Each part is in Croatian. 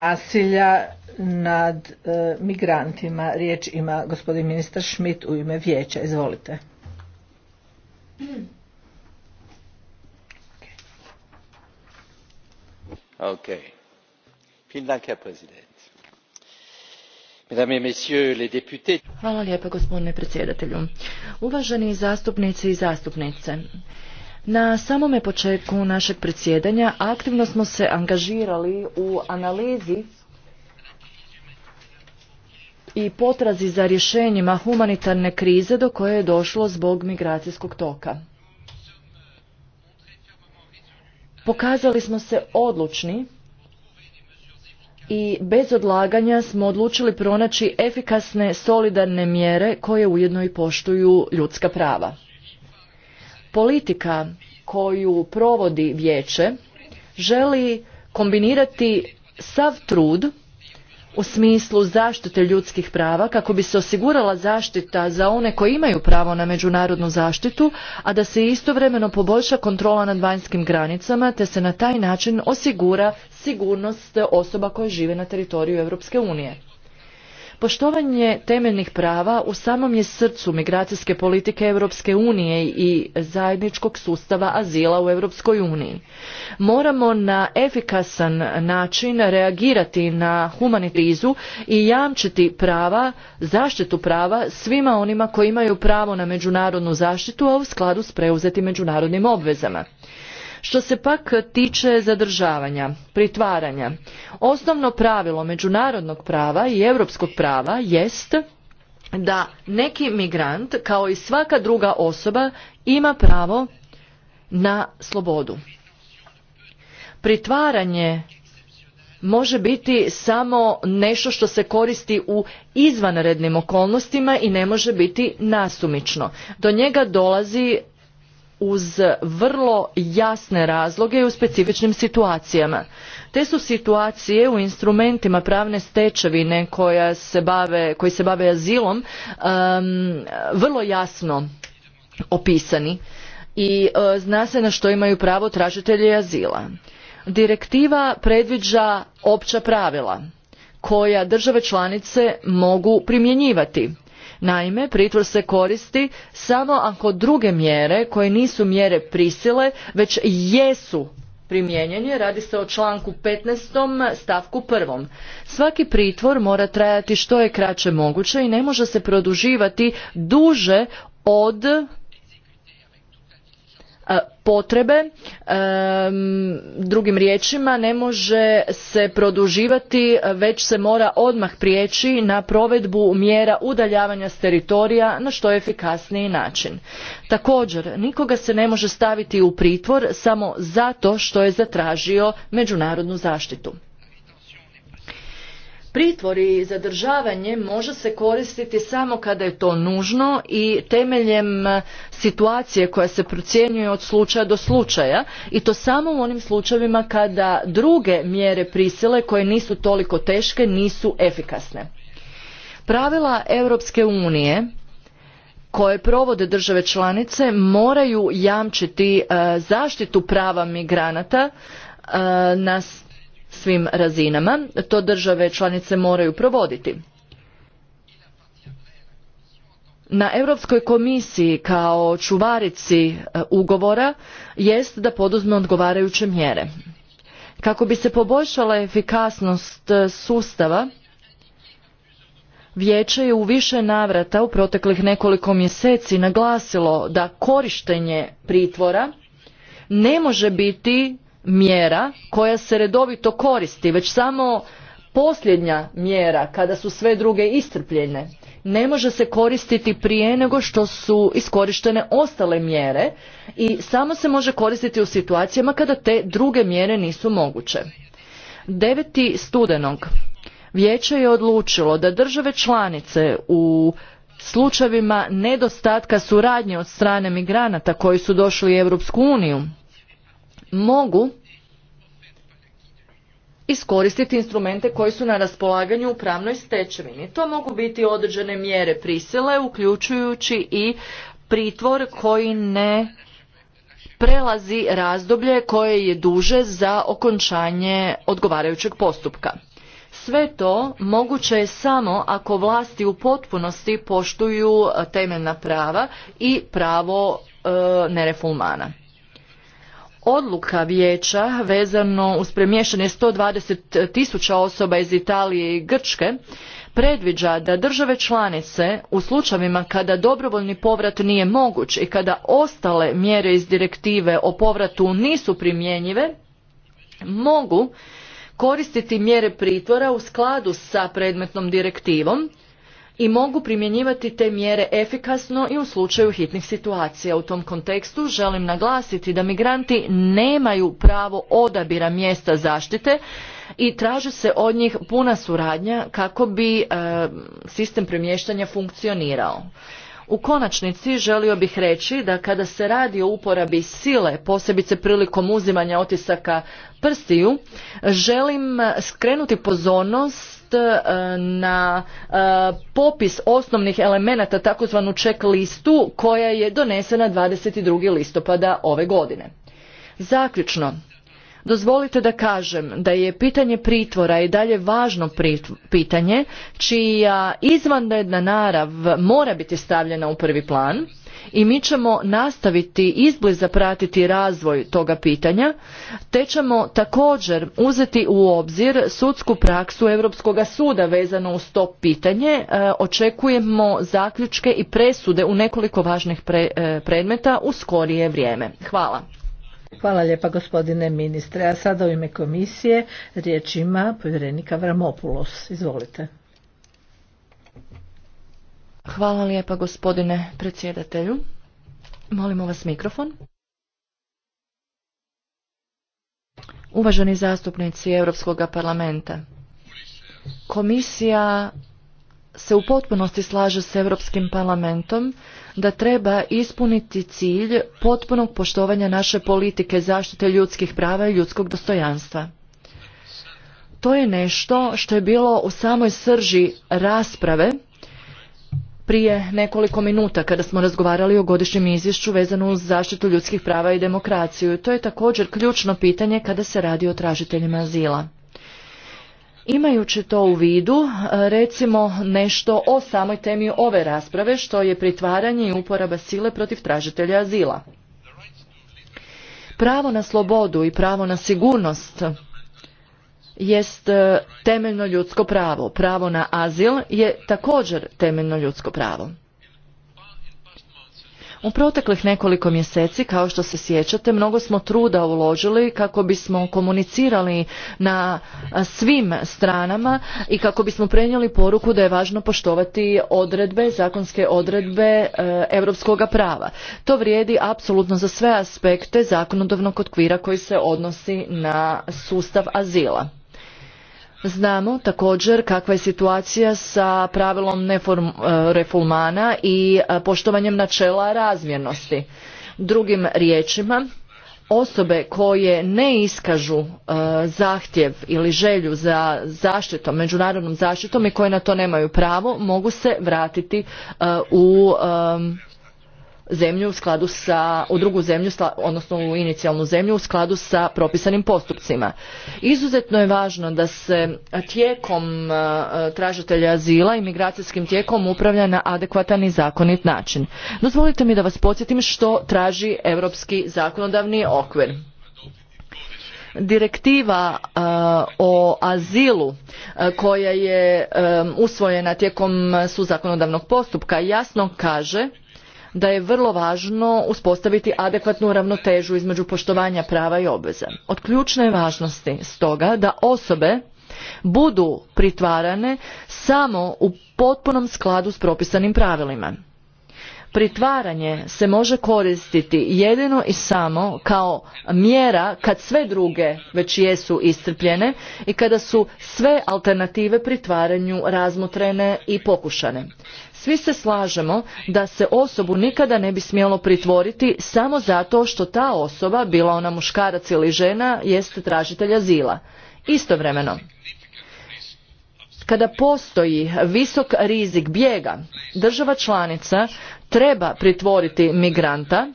nasilja nad e, migrantima. Riječ ima gospodin ministar Schmidt u ime vijeća. Izvolite. Okay. Hvala lijepa gospodine predsjedatelju. Uvaženi zastupnici i zastupnice, na samome početku našeg predsjedanja aktivno smo se angažirali u analizi i potrazi za rješenjima humanitarne krize do koje je došlo zbog migracijskog toka. Pokazali smo se odlučni i bez odlaganja smo odlučili pronaći efikasne solidarne mjere koje ujedno i poštuju ljudska prava. Politika koju provodi vijeće želi kombinirati sav trud u smislu zaštite ljudskih prava kako bi se osigurala zaštita za one koji imaju pravo na međunarodnu zaštitu, a da se istovremeno poboljša kontrola nad vanjskim granicama te se na taj način osigura sigurnost osoba koje žive na teritoriju Europske unije. Poštovanje temeljnih prava u samom je srcu migracijske politike Europske unije i zajedničkog sustava azila u Europskoj uniji. Moramo na efikasan način reagirati na humanitizu i jamčiti prava, zaštitu prava svima onima koji imaju pravo na međunarodnu zaštitu, a u skladu s preuzetim međunarodnim obvezama. Što se pak tiče zadržavanja, pritvaranja, osnovno pravilo međunarodnog prava i europskog prava jest da neki migrant kao i svaka druga osoba ima pravo na slobodu. Pritvaranje može biti samo nešto što se koristi u izvanrednim okolnostima i ne može biti nasumično. Do njega dolazi uz vrlo jasne razloge i u specifičnim situacijama. Te su situacije u instrumentima pravne stečevine koja se bave, koji se bave azilom vrlo jasno opisani i e, zna se na što imaju pravo tražitelji azila. Direktiva predviđa opća pravila koja države članice mogu primjenjivati Naime, pritvor se koristi samo ako druge mjere koje nisu mjere prisile već jesu primijenjene, radi se o članku 15. stavku 1. Svaki pritvor mora trajati što je kraće moguće i ne može se produživati duže od E, potrebe e, drugim riječima ne može se produživati već se mora odmah prijeći na provedbu mjera udaljavanja s teritorija na što efikasniji način također nikoga se ne može staviti u pritvor samo zato što je zatražio međunarodnu zaštitu Pritvor i zadržavanje može se koristiti samo kada je to nužno i temeljem e, situacije koja se procjenjuje od slučaja do slučaja i to samo u onim slučajevima kada druge mjere prisile koje nisu toliko teške nisu efikasne. Pravila Europske unije koje provode države članice moraju jamčiti e, zaštitu prava migranata e, na svim razinama. To države članice moraju provoditi. Na Europskoj komisiji kao čuvarici e, ugovora jest da poduzme odgovarajuće mjere. Kako bi se poboljšala efikasnost e, sustava, Vijeće je u više navrata u proteklih nekoliko mjeseci naglasilo da korištenje pritvora ne može biti mjera koja se redovito koristi, već samo posljednja mjera kada su sve druge istrpljene ne može se koristiti prije nego što su iskorištene ostale mjere i samo se može koristiti u situacijama kada te druge mjere nisu moguće. 9. studenog vijeće je odlučilo da države članice u slučajevima nedostatka suradnje od strane migranata koji su došli u Europsku uniju mogu iskoristiti instrumente koji su na raspolaganju u pravnoj stečevini. To mogu biti određene mjere prisile, uključujući i pritvor koji ne prelazi razdoblje koje je duže za okončanje odgovarajućeg postupka. Sve to moguće je samo ako vlasti u potpunosti poštuju temeljna prava i pravo e, nerefulmana odluka vijeća vezano uz premještanje 120 tisuća osoba iz Italije i Grčke predviđa da države članice u slučajevima kada dobrovoljni povrat nije moguć i kada ostale mjere iz direktive o povratu nisu primjenjive mogu koristiti mjere pritvora u skladu sa predmetnom direktivom i mogu primjenjivati te mjere efikasno i u slučaju hitnih situacija. U tom kontekstu želim naglasiti da migranti nemaju pravo odabira mjesta zaštite i traži se od njih puna suradnja kako bi e, sistem premještanja funkcionirao. U konačnici želio bih reći da kada se radi o uporabi sile, posebice prilikom uzimanja otisaka prstiju, želim skrenuti pozornost E, na e, popis osnovnih elemenata takozvanu check listu koja je donesena 22. listopada ove godine. Zaključno, dozvolite da kažem da je pitanje pritvora i dalje važno pitanje čija izvanredna narav mora biti stavljena u prvi plan i mi ćemo nastaviti izbliza pratiti razvoj toga pitanja te ćemo također uzeti u obzir sudsku praksu europskog suda vezano uz to pitanje. E, očekujemo zaključke i presude u nekoliko važnih e, predmeta u skorije vrijeme. Hvala. Hvala lijepa gospodine ministre. A sada u ime komisije riječ ima povjerenika Vramopulos. Izvolite. Hvala lijepa gospodine predsjedatelju. Molimo vas mikrofon. Uvaženi zastupnici Europskog parlamenta, komisija se u potpunosti slaže s Europskim parlamentom da treba ispuniti cilj potpunog poštovanja naše politike zaštite ljudskih prava i ljudskog dostojanstva. To je nešto što je bilo u samoj srži rasprave prije nekoliko minuta kada smo razgovarali o godišnjem izvješću vezano uz zaštitu ljudskih prava i demokraciju. To je također ključno pitanje kada se radi o tražiteljima azila. Imajući to u vidu, e, recimo nešto o samoj temi ove rasprave, što je pritvaranje i uporaba sile protiv tražitelja azila. Pravo na slobodu i pravo na sigurnost jest e, temeljno ljudsko pravo. Pravo na azil je također temeljno ljudsko pravo. U proteklih nekoliko mjeseci, kao što se sjećate, mnogo smo truda uložili kako bismo komunicirali na svim stranama i kako bismo prenijeli poruku da je važno poštovati odredbe, zakonske odredbe e, europskoga prava. To vrijedi apsolutno za sve aspekte zakonodavnog okvira koji se odnosi na sustav azila. Znamo također kakva je situacija sa pravilom neform, e, reformana i e, poštovanjem načela razmjernosti. Drugim riječima, osobe koje ne iskažu e, zahtjev ili želju za zaštitom međunarodnom zaštitom i koje na to nemaju pravo mogu se vratiti u zemlju u skladu sa, u drugu zemlju, odnosno u inicijalnu zemlju u skladu sa propisanim postupcima. Izuzetno je važno da se tijekom e, tražitelja azila i migracijskim tijekom upravlja na adekvatan i zakonit način. Dozvolite mi da vas podsjetim što traži europski zakonodavni okvir direktiva e, o azilu e, koja je usvojena tijekom suzakonodavnog postupka jasno kaže da je vrlo važno uspostaviti adekvatnu ravnotežu između poštovanja prava i obveza. Od ključne je važnosti stoga da osobe budu pritvarane samo u potpunom skladu s propisanim pravilima. Pritvaranje se može koristiti jedino i samo kao mjera kad sve druge već jesu iscrpljene i kada su sve alternative pritvaranju razmotrene i pokušane. Svi se slažemo da se osobu nikada ne bi smjelo pritvoriti samo zato što ta osoba, bila ona muškarac ili žena, jeste tražitelj azila. Istovremeno, kada postoji visok rizik bijega, država članica treba pritvoriti migranta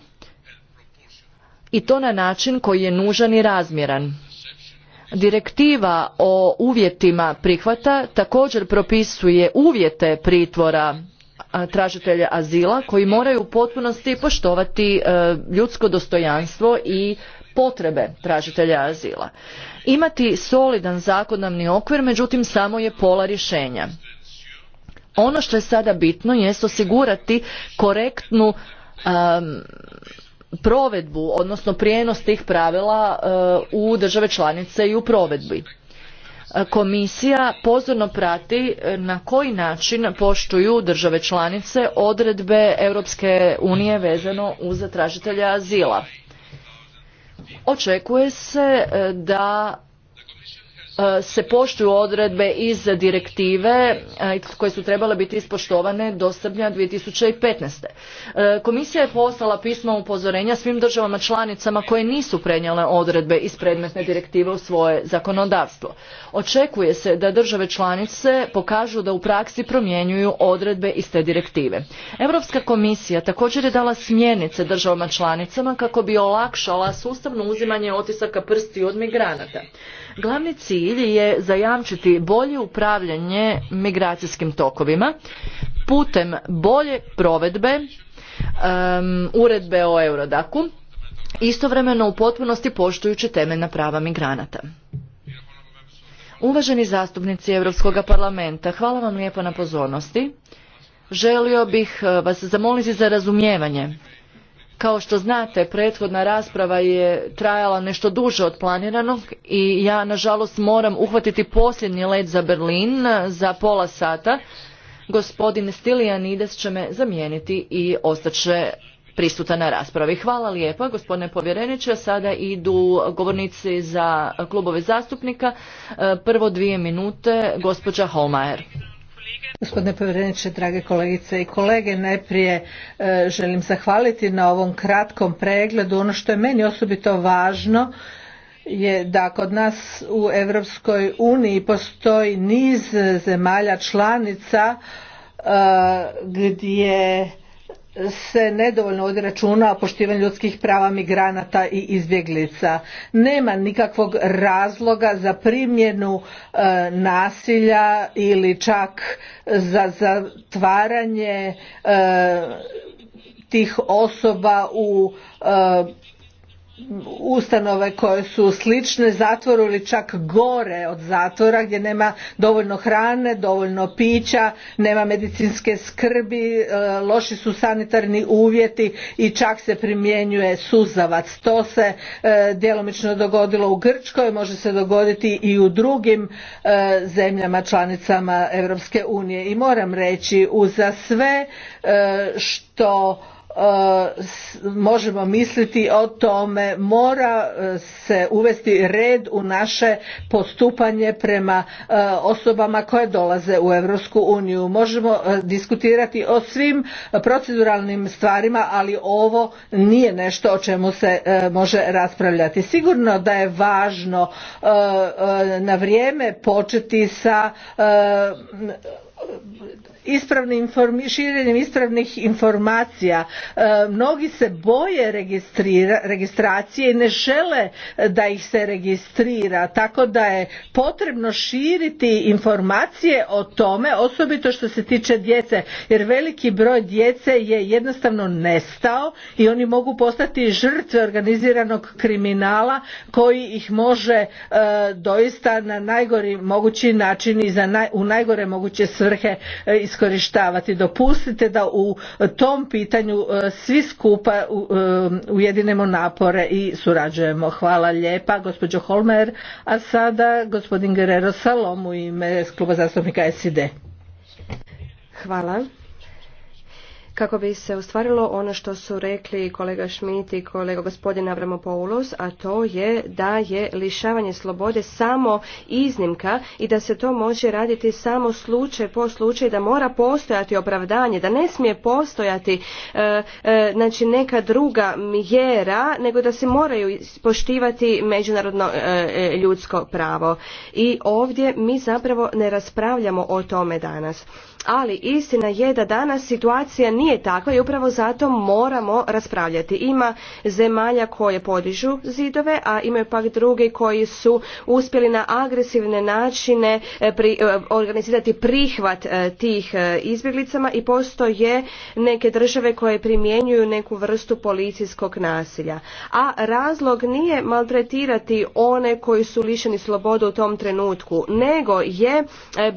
i to na način koji je nužan i razmjeran. Direktiva o uvjetima prihvata također propisuje uvjete pritvora tražitelja azila koji moraju u potpunosti poštovati e, ljudsko dostojanstvo i potrebe tražitelja azila. Imati solidan zakonodavni okvir međutim samo je pola rješenja. Ono što je sada bitno jest osigurati korektnu provedbu, odnosno prijenos tih pravila e, u države članice i u provedbi komisija pozorno prati e, na koji način poštuju države članice odredbe Europske unije vezano uz tražitelja azila. Očekuje se e, da E, se poštuju odredbe iz direktive e, koje su trebale biti ispoštovane do srpnja 2015. E, komisija je poslala pismo upozorenja svim državama članicama koje nisu prenijele odredbe iz predmetne direktive u svoje zakonodavstvo. Očekuje se da države članice pokažu da u praksi promjenjuju odredbe iz te direktive. Europska komisija također je dala smjernice državama članicama kako bi olakšala sustavno uzimanje otisaka prsti od migranata. Glavni cilj je zajamčiti bolje upravljanje migracijskim tokovima putem bolje provedbe uredbe o Eurodaku, istovremeno u potpunosti poštujući temeljna prava migranata. Uvaženi zastupnici Europskog parlamenta, hvala vam lijepo na pozornosti. Želio bih eh, vas zamoliti za razumijevanje kao što znate, prethodna rasprava je trajala nešto duže od planiranog i ja nažalost moram uhvatiti posljednji let za Berlin za pola sata. Gospodin Stilianides će me zamijeniti i će prisutan na raspravi. Hvala lijepa gospodine povjereniče. Sada idu govornici za klubove zastupnika. E, prvo dvije minute gospođa Holmajer. Gospodine povjereniče, drage kolegice i kolege, najprije e, želim zahvaliti na ovom kratkom pregledu. Ono što je meni osobito važno je da kod nas u Europskoj uniji postoji niz zemalja članica e, gdje se nedovoljno vodi računa o poštivanju ljudskih prava migranata i izbjeglica. Nema nikakvog razloga za primjenu e, nasilja ili čak za zatvaranje e, tih osoba u e, ustanove koje su slične zatvoru ili čak gore od zatvora gdje nema dovoljno hrane, dovoljno pića, nema medicinske skrbi, e, loši su sanitarni uvjeti i čak se primjenjuje suzavac. To se e, djelomično dogodilo u Grčkoj, može se dogoditi i u drugim e, zemljama članicama Europske unije i moram reći uza sve što E, možemo misliti o tome mora e, se uvesti red u naše postupanje prema e, osobama koje dolaze u Europsku uniju možemo diskutirati o svim proceduralnim stvarima ali ovo nije nešto o čemu se može raspravljati sigurno da je važno na vrijeme početi sa ispravnim širenjem ispravnih informacija e, mnogi se boje registracije i ne žele e, da ih se registrira tako da je potrebno širiti informacije o tome osobito što se tiče djece jer veliki broj djece je jednostavno nestao i oni mogu postati žrtve organiziranog kriminala koji ih može e, doista na najgori mogući način i za u najgore moguće svrhe iskoristiti iskorištavati. Dopustite da u tom pitanju e, svi skupa e, ujedinemo napore i surađujemo. Hvala lijepa gospođo Holmer, a sada gospodin Guerrero Salom u ime Kluba zastupnika SID. Hvala kako bi se ostvarilo ono što su rekli kolega Šmit i kolega gospodin Avramopoulos, a to je da je lišavanje slobode samo iznimka i da se to može raditi samo slučaj po slučaj, da mora postojati opravdanje, da ne smije postojati e, e, znači neka druga mjera, nego da se moraju poštivati međunarodno e, ljudsko pravo. I ovdje mi zapravo ne raspravljamo o tome danas ali istina je da danas situacija nije takva i upravo zato moramo raspravljati. Ima zemalja koje podižu zidove, a imaju pak druge koji su uspjeli na agresivne načine e, e, organizirati prihvat e, tih izbjeglicama i postoje neke države koje primjenjuju neku vrstu policijskog nasilja. A razlog nije maltretirati one koji su lišeni slobode u tom trenutku, nego je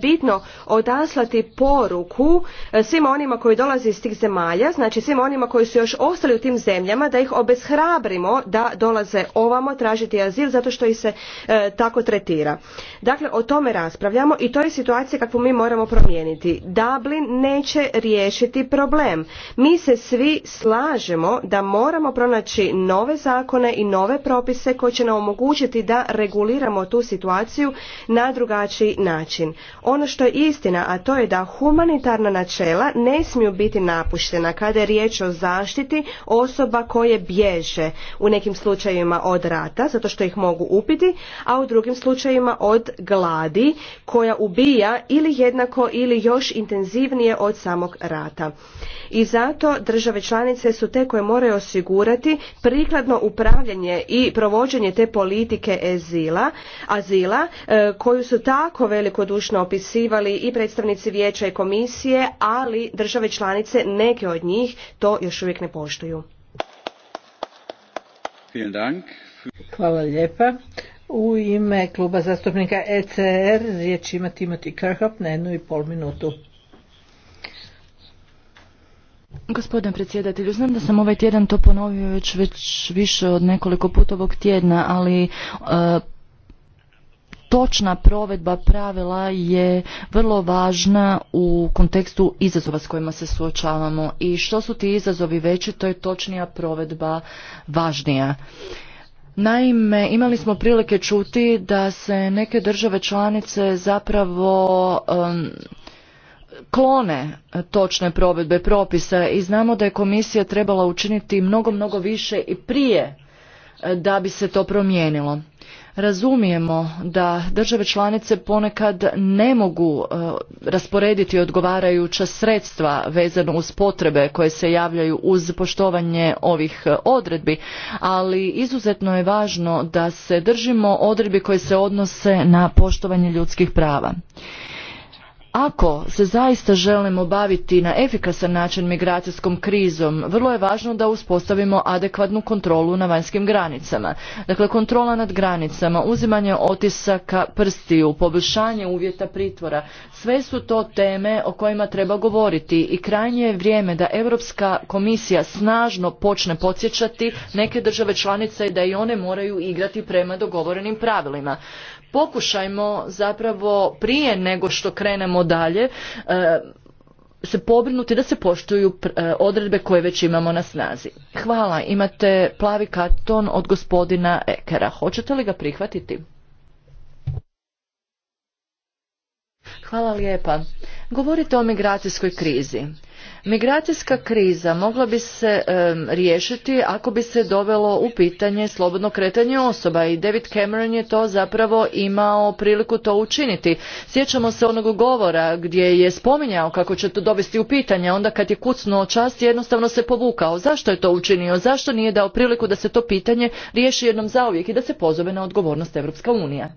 bitno odaslati po poruku e, svima onima koji dolaze iz tih zemalja, znači svima onima koji su još ostali u tim zemljama, da ih obeshrabrimo da dolaze ovamo tražiti azil zato što ih se e, tako tretira. Dakle, o tome raspravljamo i to je situacija kakvu mi moramo promijeniti. Dublin neće riješiti problem. Mi se svi slažemo da moramo pronaći nove zakone i nove propise koji će nam omogućiti da reguliramo tu situaciju na drugačiji način. Ono što je istina, a to je da humanitarna načela ne smiju biti napuštena kada je riječ o zaštiti osoba koje bježe u nekim slučajevima od rata zato što ih mogu upiti, a u drugim slučajevima od gladi koja ubija ili jednako ili još intenzivnije od samog rata. I zato države članice su te koje moraju osigurati prikladno upravljanje i provođenje te politike ezila, azila e, koju su tako velikodušno opisivali i predstavnici vijeća i komisije, ali države članice, neke od njih, to još uvijek ne poštuju. Hvala lijepa. U ime kluba zastupnika ECR riječ ima Timothy Kerhop na jednu i pol minutu. Gospodine predsjedatelju, znam da sam ovaj tjedan to ponovio već, već više od nekoliko puta ovog tjedna, ali e, točna provedba pravila je vrlo važna u kontekstu izazova s kojima se suočavamo i što su ti izazovi veći, to je točnija provedba važnija. Naime, imali smo prilike čuti da se neke države članice zapravo klone točne provedbe propisa i znamo da je komisija trebala učiniti mnogo, mnogo više i prije eh, da bi se to promijenilo. Razumijemo da države članice ponekad ne mogu e, rasporediti odgovarajuća sredstva vezano uz potrebe koje se javljaju uz poštovanje ovih e, odredbi, ali izuzetno je važno da se držimo odredbi koje se odnose na poštovanje ljudskih prava. Ako se zaista želimo baviti na efikasan način migracijskom krizom, vrlo je važno da uspostavimo adekvatnu kontrolu na vanjskim granicama. Dakle, kontrola nad granicama, uzimanje otisaka prstiju, poboljšanje uvjeta pritvora, sve su to teme o kojima treba govoriti i krajnje je vrijeme da Europska komisija snažno počne podsjećati neke države članice da i one moraju igrati prema dogovorenim pravilima pokušajmo zapravo prije nego što krenemo dalje e, se pobrinuti da se poštuju e, odredbe koje već imamo na snazi. Hvala, imate plavi karton od gospodina Ekera. Hoćete li ga prihvatiti? Hvala lijepa. Govorite o migracijskoj krizi. Migracijska kriza mogla bi se riješiti ako bi se dovelo u pitanje slobodno kretanje osoba i David Cameron je to zapravo imao priliku to učiniti. Sjećamo se onog govora gdje je spominjao kako će to dovesti u pitanje, onda kad je kucnuo čast jednostavno se povukao. Zašto je to učinio? Zašto nije dao priliku da se to pitanje riješi jednom zauvijek i da se pozove na odgovornost Europska unija?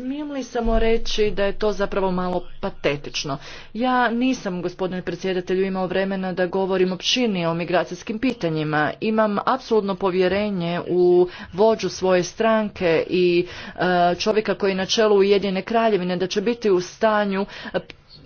Smijem li samo reći da je to zapravo malo patetično? Ja nisam, gospodine predsjedatelju, imao vremena da govorim općinije o migracijskim pitanjima. Imam apsolutno povjerenje u vođu svoje stranke i e, čovjeka koji je na čelu Ujedine kraljevine da će biti u stanju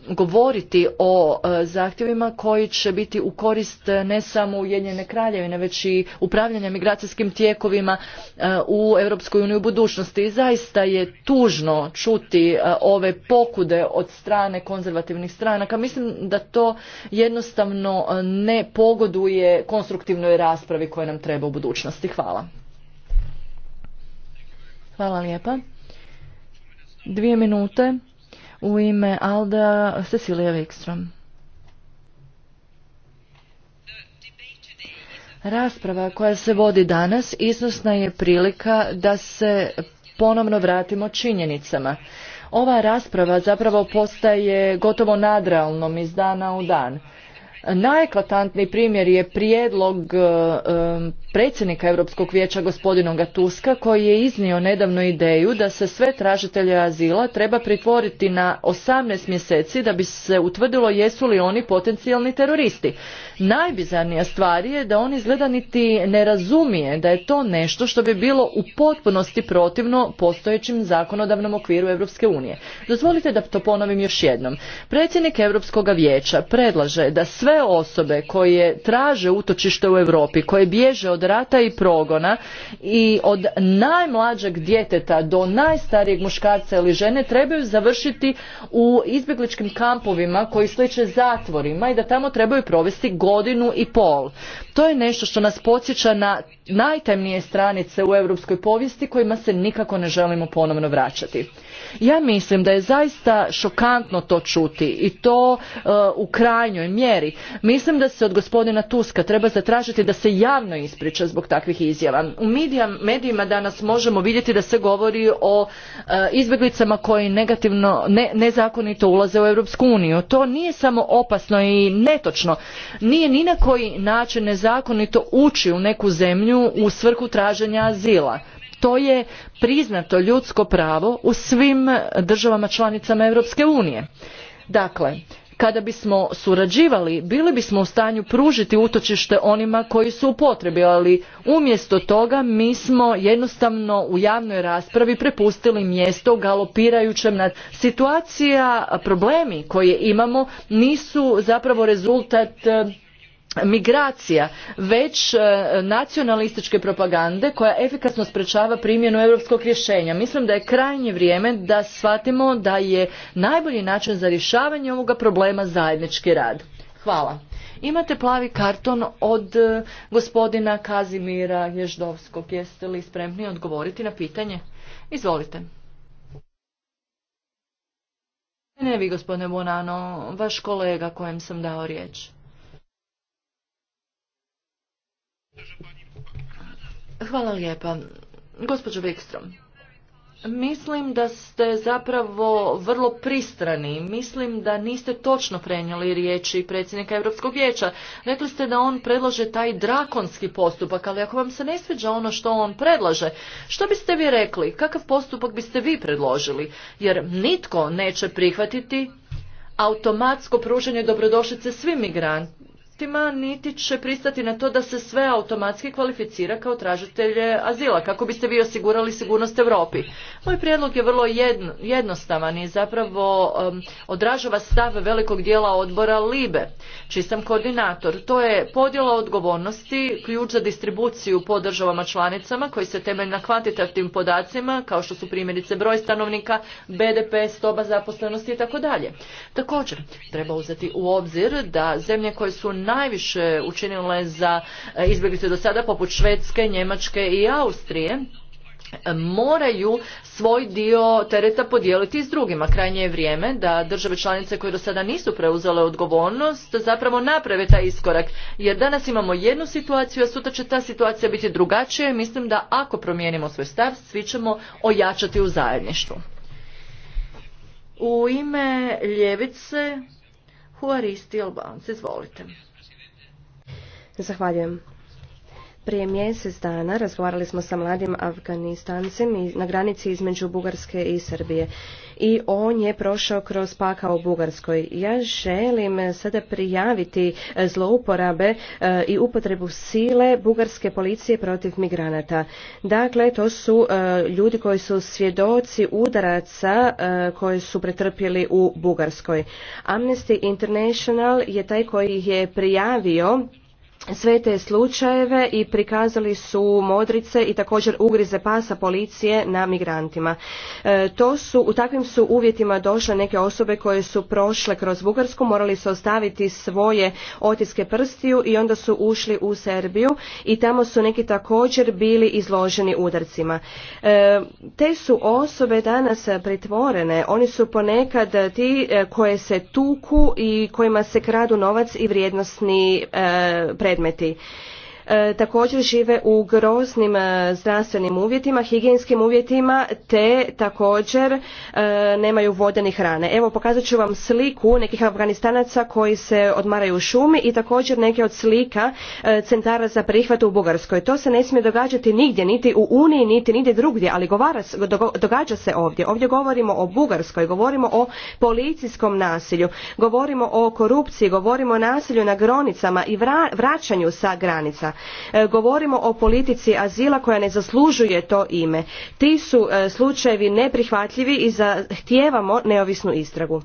govoriti o e, zahtjevima koji će biti u korist e, ne samo Ujedinjene kraljevine, već i upravljanja migracijskim tijekovima e, u Europskoj uniji u budućnosti. I zaista je tužno čuti ove pokude od strane konzervativnih stranaka. Mislim da to jednostavno ne pogoduje konstruktivnoj raspravi koja nam treba u budućnosti. Hvala. Hvala lijepa. Dvije minute. U ime Alda Cecilija Wikstrom. Rasprava koja se vodi danas iznosna je prilika da se ponovno vratimo činjenicama. Ova rasprava zapravo postaje gotovo nadrealnom iz dana u dan. Najeklatantniji primjer je prijedlog e, predsjednika Europskog vijeća gospodina Tuska koji je iznio nedavno ideju da se sve tražitelje azila treba pritvoriti na 18 mjeseci da bi se utvrdilo jesu li oni potencijalni teroristi. Najbizarnija stvar je da on izgleda niti ne razumije da je to nešto što bi bilo u potpunosti protivno postojećim zakonodavnom okviru Europske unije. Dozvolite da to ponovim još jednom. Predsjednik Europskog vijeća predlaže da sve sve osobe koje traže utočište u Europi, koje bježe od rata i progona i od najmlađeg djeteta do najstarijeg muškarca ili žene trebaju završiti u izbjegličkim kampovima koji sliče zatvorima i da tamo trebaju provesti godinu i pol. To je nešto što nas podsjeća na najtemnije stranice u europskoj povijesti kojima se nikako ne želimo ponovno vraćati. Ja mislim da je zaista šokantno to čuti i to e, u krajnjoj mjeri. Mislim da se od gospodina Tuska treba zatražiti da se javno ispriča zbog takvih izjava. U medijima danas možemo vidjeti da se govori o e, izbjeglicama koji negativno, nezakonito ulaze u Europsku uniju. To nije samo opasno i netočno. Nije ni na koji način nezakonito ući u neku zemlju u svrhu traženja azila to je priznato ljudsko pravo u svim državama članicama Europske unije. Dakle, kada bismo surađivali bili bismo u stanju pružiti utočište onima koji su u potrebi ali umjesto toga mi smo jednostavno u javnoj raspravi prepustili mjesto galopirajućem nad situacija problemi koje imamo nisu zapravo rezultat eh, migracija već e, nacionalističke propagande koja efikasno sprečava primjenu europskog rješenja. Mislim da je krajnje vrijeme da shvatimo da je najbolji način za rješavanje ovoga problema zajednički rad. Hvala. Imate plavi karton od e, gospodina Kazimira Ježdovskog. Jeste li spremni odgovoriti na pitanje? Izvolite. Ne vi, gospodine Bonano, vaš kolega kojem sam dao riječ. Hvala lijepa. Gospođo Wikstrom, mislim da ste zapravo vrlo pristrani. Mislim da niste točno prenijeli riječi predsjednika Europskog vijeća. Rekli ste da on predlaže taj drakonski postupak, ali ako vam se ne sviđa ono što on predlaže, što biste vi rekli? Kakav postupak biste vi predložili? Jer nitko neće prihvatiti automatsko pruženje dobrodošlice svim migrantima migrantima niti će pristati na to da se sve automatski kvalificira kao tražitelje azila kako biste vi osigurali sigurnost Europi. Moj prijedlog je vrlo jednostavan i zapravo odražava stav velikog dijela odbora LIBE, čiji sam koordinator. To je podjela odgovornosti, ključ za distribuciju po državama članicama koji se temelji na kvantitativnim podacima kao što su primjerice broj stanovnika, BDP, stoba zaposlenosti i tako dalje. Također, treba uzeti u obzir da zemlje koje su najviše učinile za e, izbjeglice do sada, poput Švedske, Njemačke i Austrije, moraju svoj dio tereta podijeliti s drugima. Krajnje je vrijeme da države članice koje do sada nisu preuzele odgovornost zapravo naprave taj iskorak. Jer danas imamo jednu situaciju, a sutra će ta situacija biti drugačija i mislim da ako promijenimo svoj stav, svi ćemo ojačati u zajedništvu. U ime ljevice Huaristi Albanci, izvolite. Zahvaljujem. Prije mjesec dana razgovarali smo sa mladim Afganistancem na granici između Bugarske i Srbije i on je prošao kroz pakao u Bugarskoj. Ja želim sada prijaviti e, zlouporabe e, i upotrebu sile bugarske policije protiv migranata. Dakle, to su e, ljudi koji su svjedoci udaraca koje su pretrpjeli u Bugarskoj. Amnesty International je taj koji ih je prijavio sve te slučajeve i prikazali su modrice i također ugrize pasa policije na migrantima. E, to su, u takvim su uvjetima došle neke osobe koje su prošle kroz Bugarsku, morali su ostaviti svoje otiske prstiju i onda su ušli u Serbiju i tamo su neki također bili izloženi udarcima. E, te su osobe danas pritvorene, oni su ponekad ti e, koje se tuku i kojima se kradu novac i vrijednosni predmeti E, također žive u groznim e, zdravstvenim uvjetima, higijenskim uvjetima te također e, nemaju vode ni hrane. Evo pokazat ću vam sliku nekih Afganistanaca koji se odmaraju u šumi i također neke od slika centara za prihvat u Bugarskoj. To se ne smije događati nigdje, niti u Uniji, niti nigdje drugdje, ali događa se ovdje. Ovdje govorimo o Bugarskoj, govorimo o policijskom nasilju, govorimo o korupciji, govorimo o nasilju na gronicama i vraćanju sa granica. E, govorimo o politici azila koja ne zaslužuje to ime. Ti su e, slučajevi neprihvatljivi i zahtijevamo neovisnu istragu.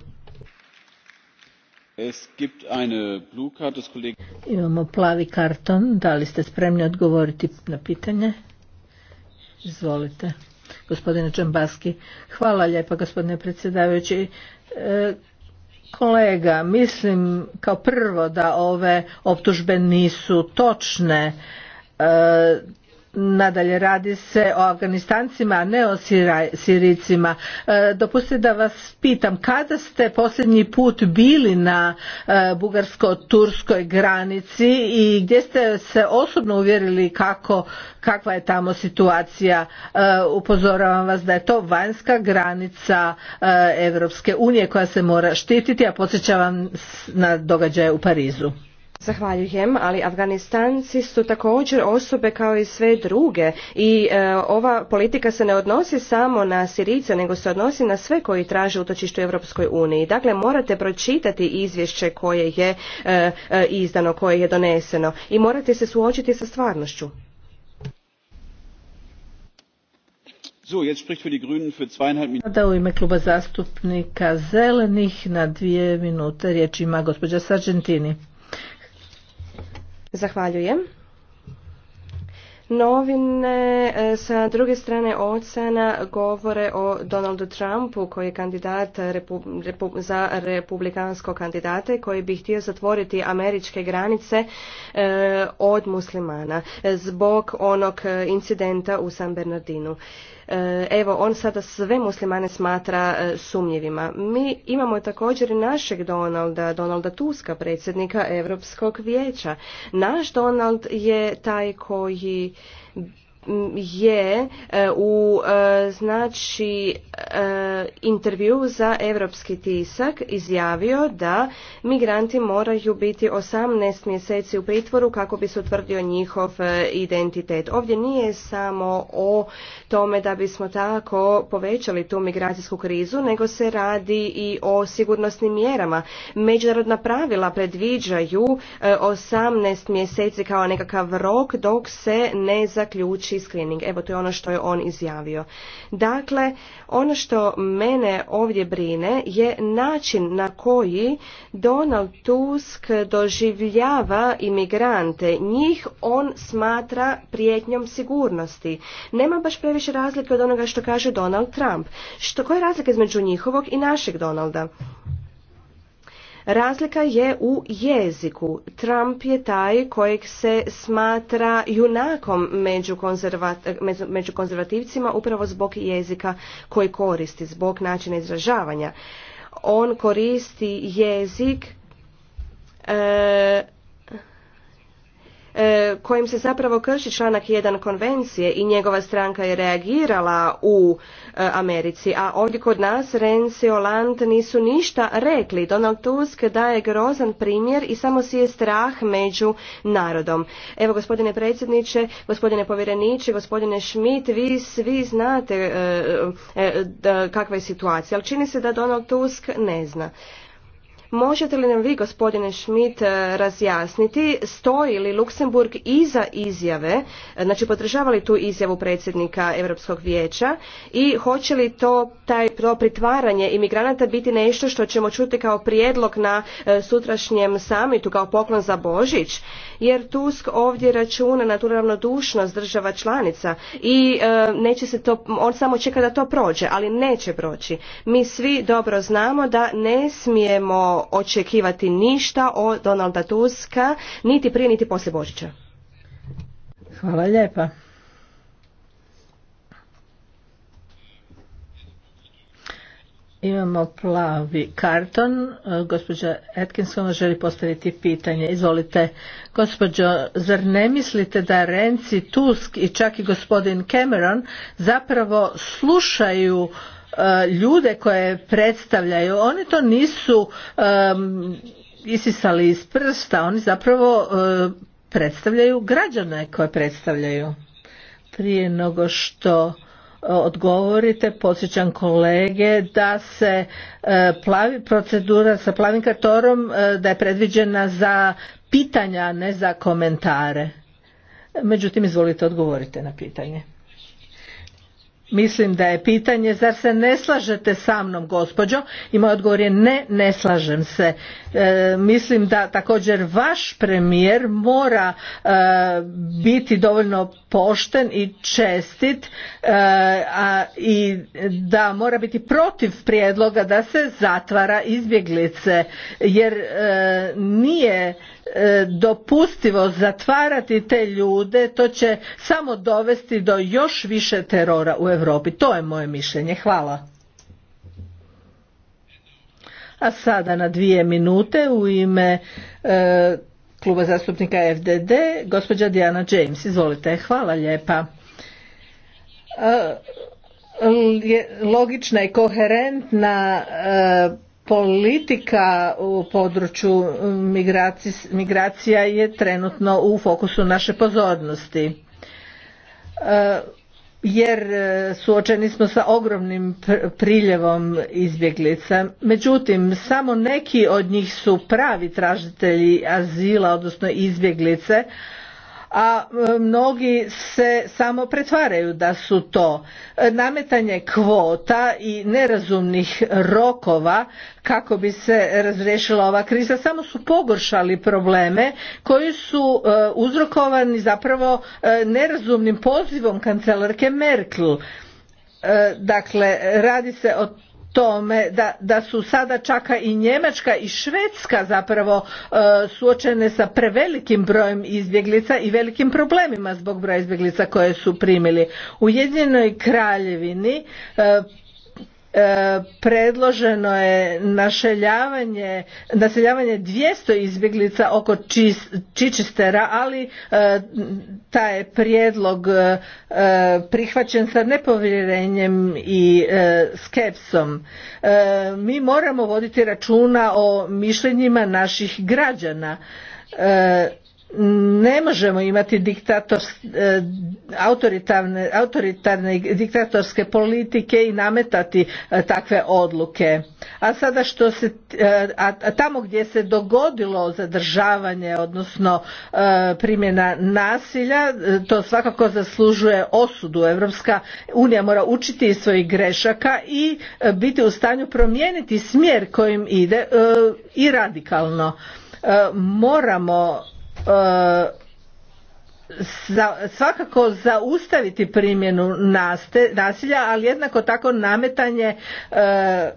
Imamo plavi karton. Da li ste spremni odgovoriti na pitanje? Izvolite. Gospodine Čambaski. Hvala lijepa gospodine predsjedavajući. E, kolega, mislim kao prvo da ove optužbe nisu točne. E, Nadalje radi se o Afganistancima, a ne o Sirijcima. E, dopustite da vas pitam, kada ste posljednji put bili na e, bugarsko-turskoj granici i gdje ste se osobno uvjerili kakva je tamo situacija? E, upozoravam vas da je to vanjska granica Europske unije koja se mora štititi, a podsjećam na događaje u Parizu. Zahvaljujem, ali Afganistanci su također osobe kao i sve druge i e, ova politika se ne odnosi samo na Sirice, nego se odnosi na sve koji traže utočište u Europskoj uniji. Dakle, morate pročitati izvješće koje je e, e, izdano, koje je doneseno i morate se suočiti sa stvarnošću. u ime kluba zastupnika Zelenih na dvije minute riječ ima gospođa Sargentini. Zahvaljujem. Novine e, sa druge strane ocena govore o Donaldu Trumpu koji je kandidat za republikansko kandidate koji bi htio zatvoriti američke granice e, od muslimana zbog onog incidenta u San Bernardinu. E, evo on sada sve muslimane smatra e, sumnjivima. Mi imamo također i našeg Donalda, Donalda Tuska, predsjednika Europskog vijeća. Naš Donald je taj koji je e, u e, znači e, intervju za europski tisak izjavio da migranti moraju biti 18 mjeseci u pritvoru kako bi se utvrdio njihov identitet. Ovdje nije samo o tome da bismo tako povećali tu migracijsku krizu, nego se radi i o sigurnosnim mjerama. Međunarodna pravila predviđaju 18 mjeseci kao nekakav rok dok se ne zaključi screening. Evo to je ono što je on izjavio. Dakle, ono što mene ovdje brine je način na koji Donald Tusk doživljava imigrante. Njih on smatra prijetnjom sigurnosti. Nema baš previše razlike od onoga što kaže Donald Trump. Što, koja je razlika između njihovog i našeg Donalda? Razlika je u jeziku. Trump je taj kojeg se smatra junakom među, konzervativcima upravo zbog jezika koji koristi, zbog načina izražavanja. On koristi jezik e, E, kojim se zapravo krši članak 1 konvencije i njegova stranka je reagirala u e, Americi, a ovdje kod nas Renzi i Hollande nisu ništa rekli. Donald Tusk daje grozan primjer i samo si je strah među narodom. Evo gospodine predsjedniče, gospodine povjereniče, gospodine Schmidt, vi svi znate e, kakva je situacija, ali čini se da Donald Tusk ne zna. Možete li nam vi, gospodine Schmidt, e, razjasniti stoji li Luksemburg iza izjave, e, znači podržava li tu izjavu predsjednika Europskog vijeća i hoće li to, taj, to pritvaranje imigranata biti nešto što ćemo čuti kao prijedlog na e, sutrašnjem samitu, kao poklon za Božić? jer Tusk ovdje računa na tu ravnodušnost država članica i e, neće se to, on samo čeka da to prođe, ali neće proći. Mi svi dobro znamo da ne smijemo očekivati ništa od Donalda Tuska niti prije niti poslije Božića. Hvala lijepa. Imamo plavi karton. Gospođa Atkinson želi postaviti pitanje. Izvolite, gospođo, zar ne mislite da Renci, Tusk i čak i gospodin Cameron zapravo slušaju e, ljude koje predstavljaju? Oni to nisu isisali iz prsta, oni zapravo e, predstavljaju građane koje predstavljaju. Prije nego što odgovorite. Podsjećam kolege da se e, plavi procedura sa plavim kartorom e, da je predviđena za pitanja, ne za komentare. Međutim, izvolite odgovorite na pitanje. Mislim da je pitanje, zar se ne slažete sa mnom gospođo? I moj odgovor je ne, ne slažem se. E, mislim da također vaš premijer mora e, biti dovoljno pošten i čestit e, a, i da mora biti protiv prijedloga da se zatvara izbjeglice jer nije E, dopustivo zatvarati te ljude to će samo dovesti do još više terora u Europi. To je moje mišljenje. Hvala. A sada na dvije minute u ime e, kluba zastupnika FDD gospođa Diana James. Izvolite. Hvala lijepa. E, logična i koherentna politika u području migracija je trenutno u fokusu naše pozornosti e, jer e, suočeni smo sa ogromnim priljevom izbjeglica. Međutim, samo neki od njih su pravi tražitelji azila, odnosno izbjeglice, a e, mnogi se samo pretvaraju da su to. E, nametanje kvota i nerazumnih rokova kako bi se razriješila ova kriza samo su pogoršali probleme koji su e, uzrokovani zapravo nerazumnim pozivom kancelarke Merkel dakle radi se o tome da, da su sada čak i Njemačka i Švedska zapravo e, suočene sa prevelikim brojem izbjeglica i velikim problemima zbog broja izbjeglica koje su primili. U Jedinoj kraljevini e, E, predloženo je našeljavanje, naseljavanje 200 izbjeglica oko Čičistera, ali e, taj je prijedlog e, prihvaćen sa nepovjerenjem i skepsom. Mi moramo voditi računa o mišljenjima naših građana ne možemo imati e, autoritarne, diktatorske politike i nametati e, takve odluke. A sada što se, e, a tamo gdje se dogodilo zadržavanje, odnosno primjena nasilja, to svakako zaslužuje osudu. Evropska unija mora učiti iz svojih grešaka i biti u stanju promijeniti smjer kojim ide i radikalno. Moramo E, za, svakako zaustaviti primjenu naste, nasilja, ali jednako tako nametanje e,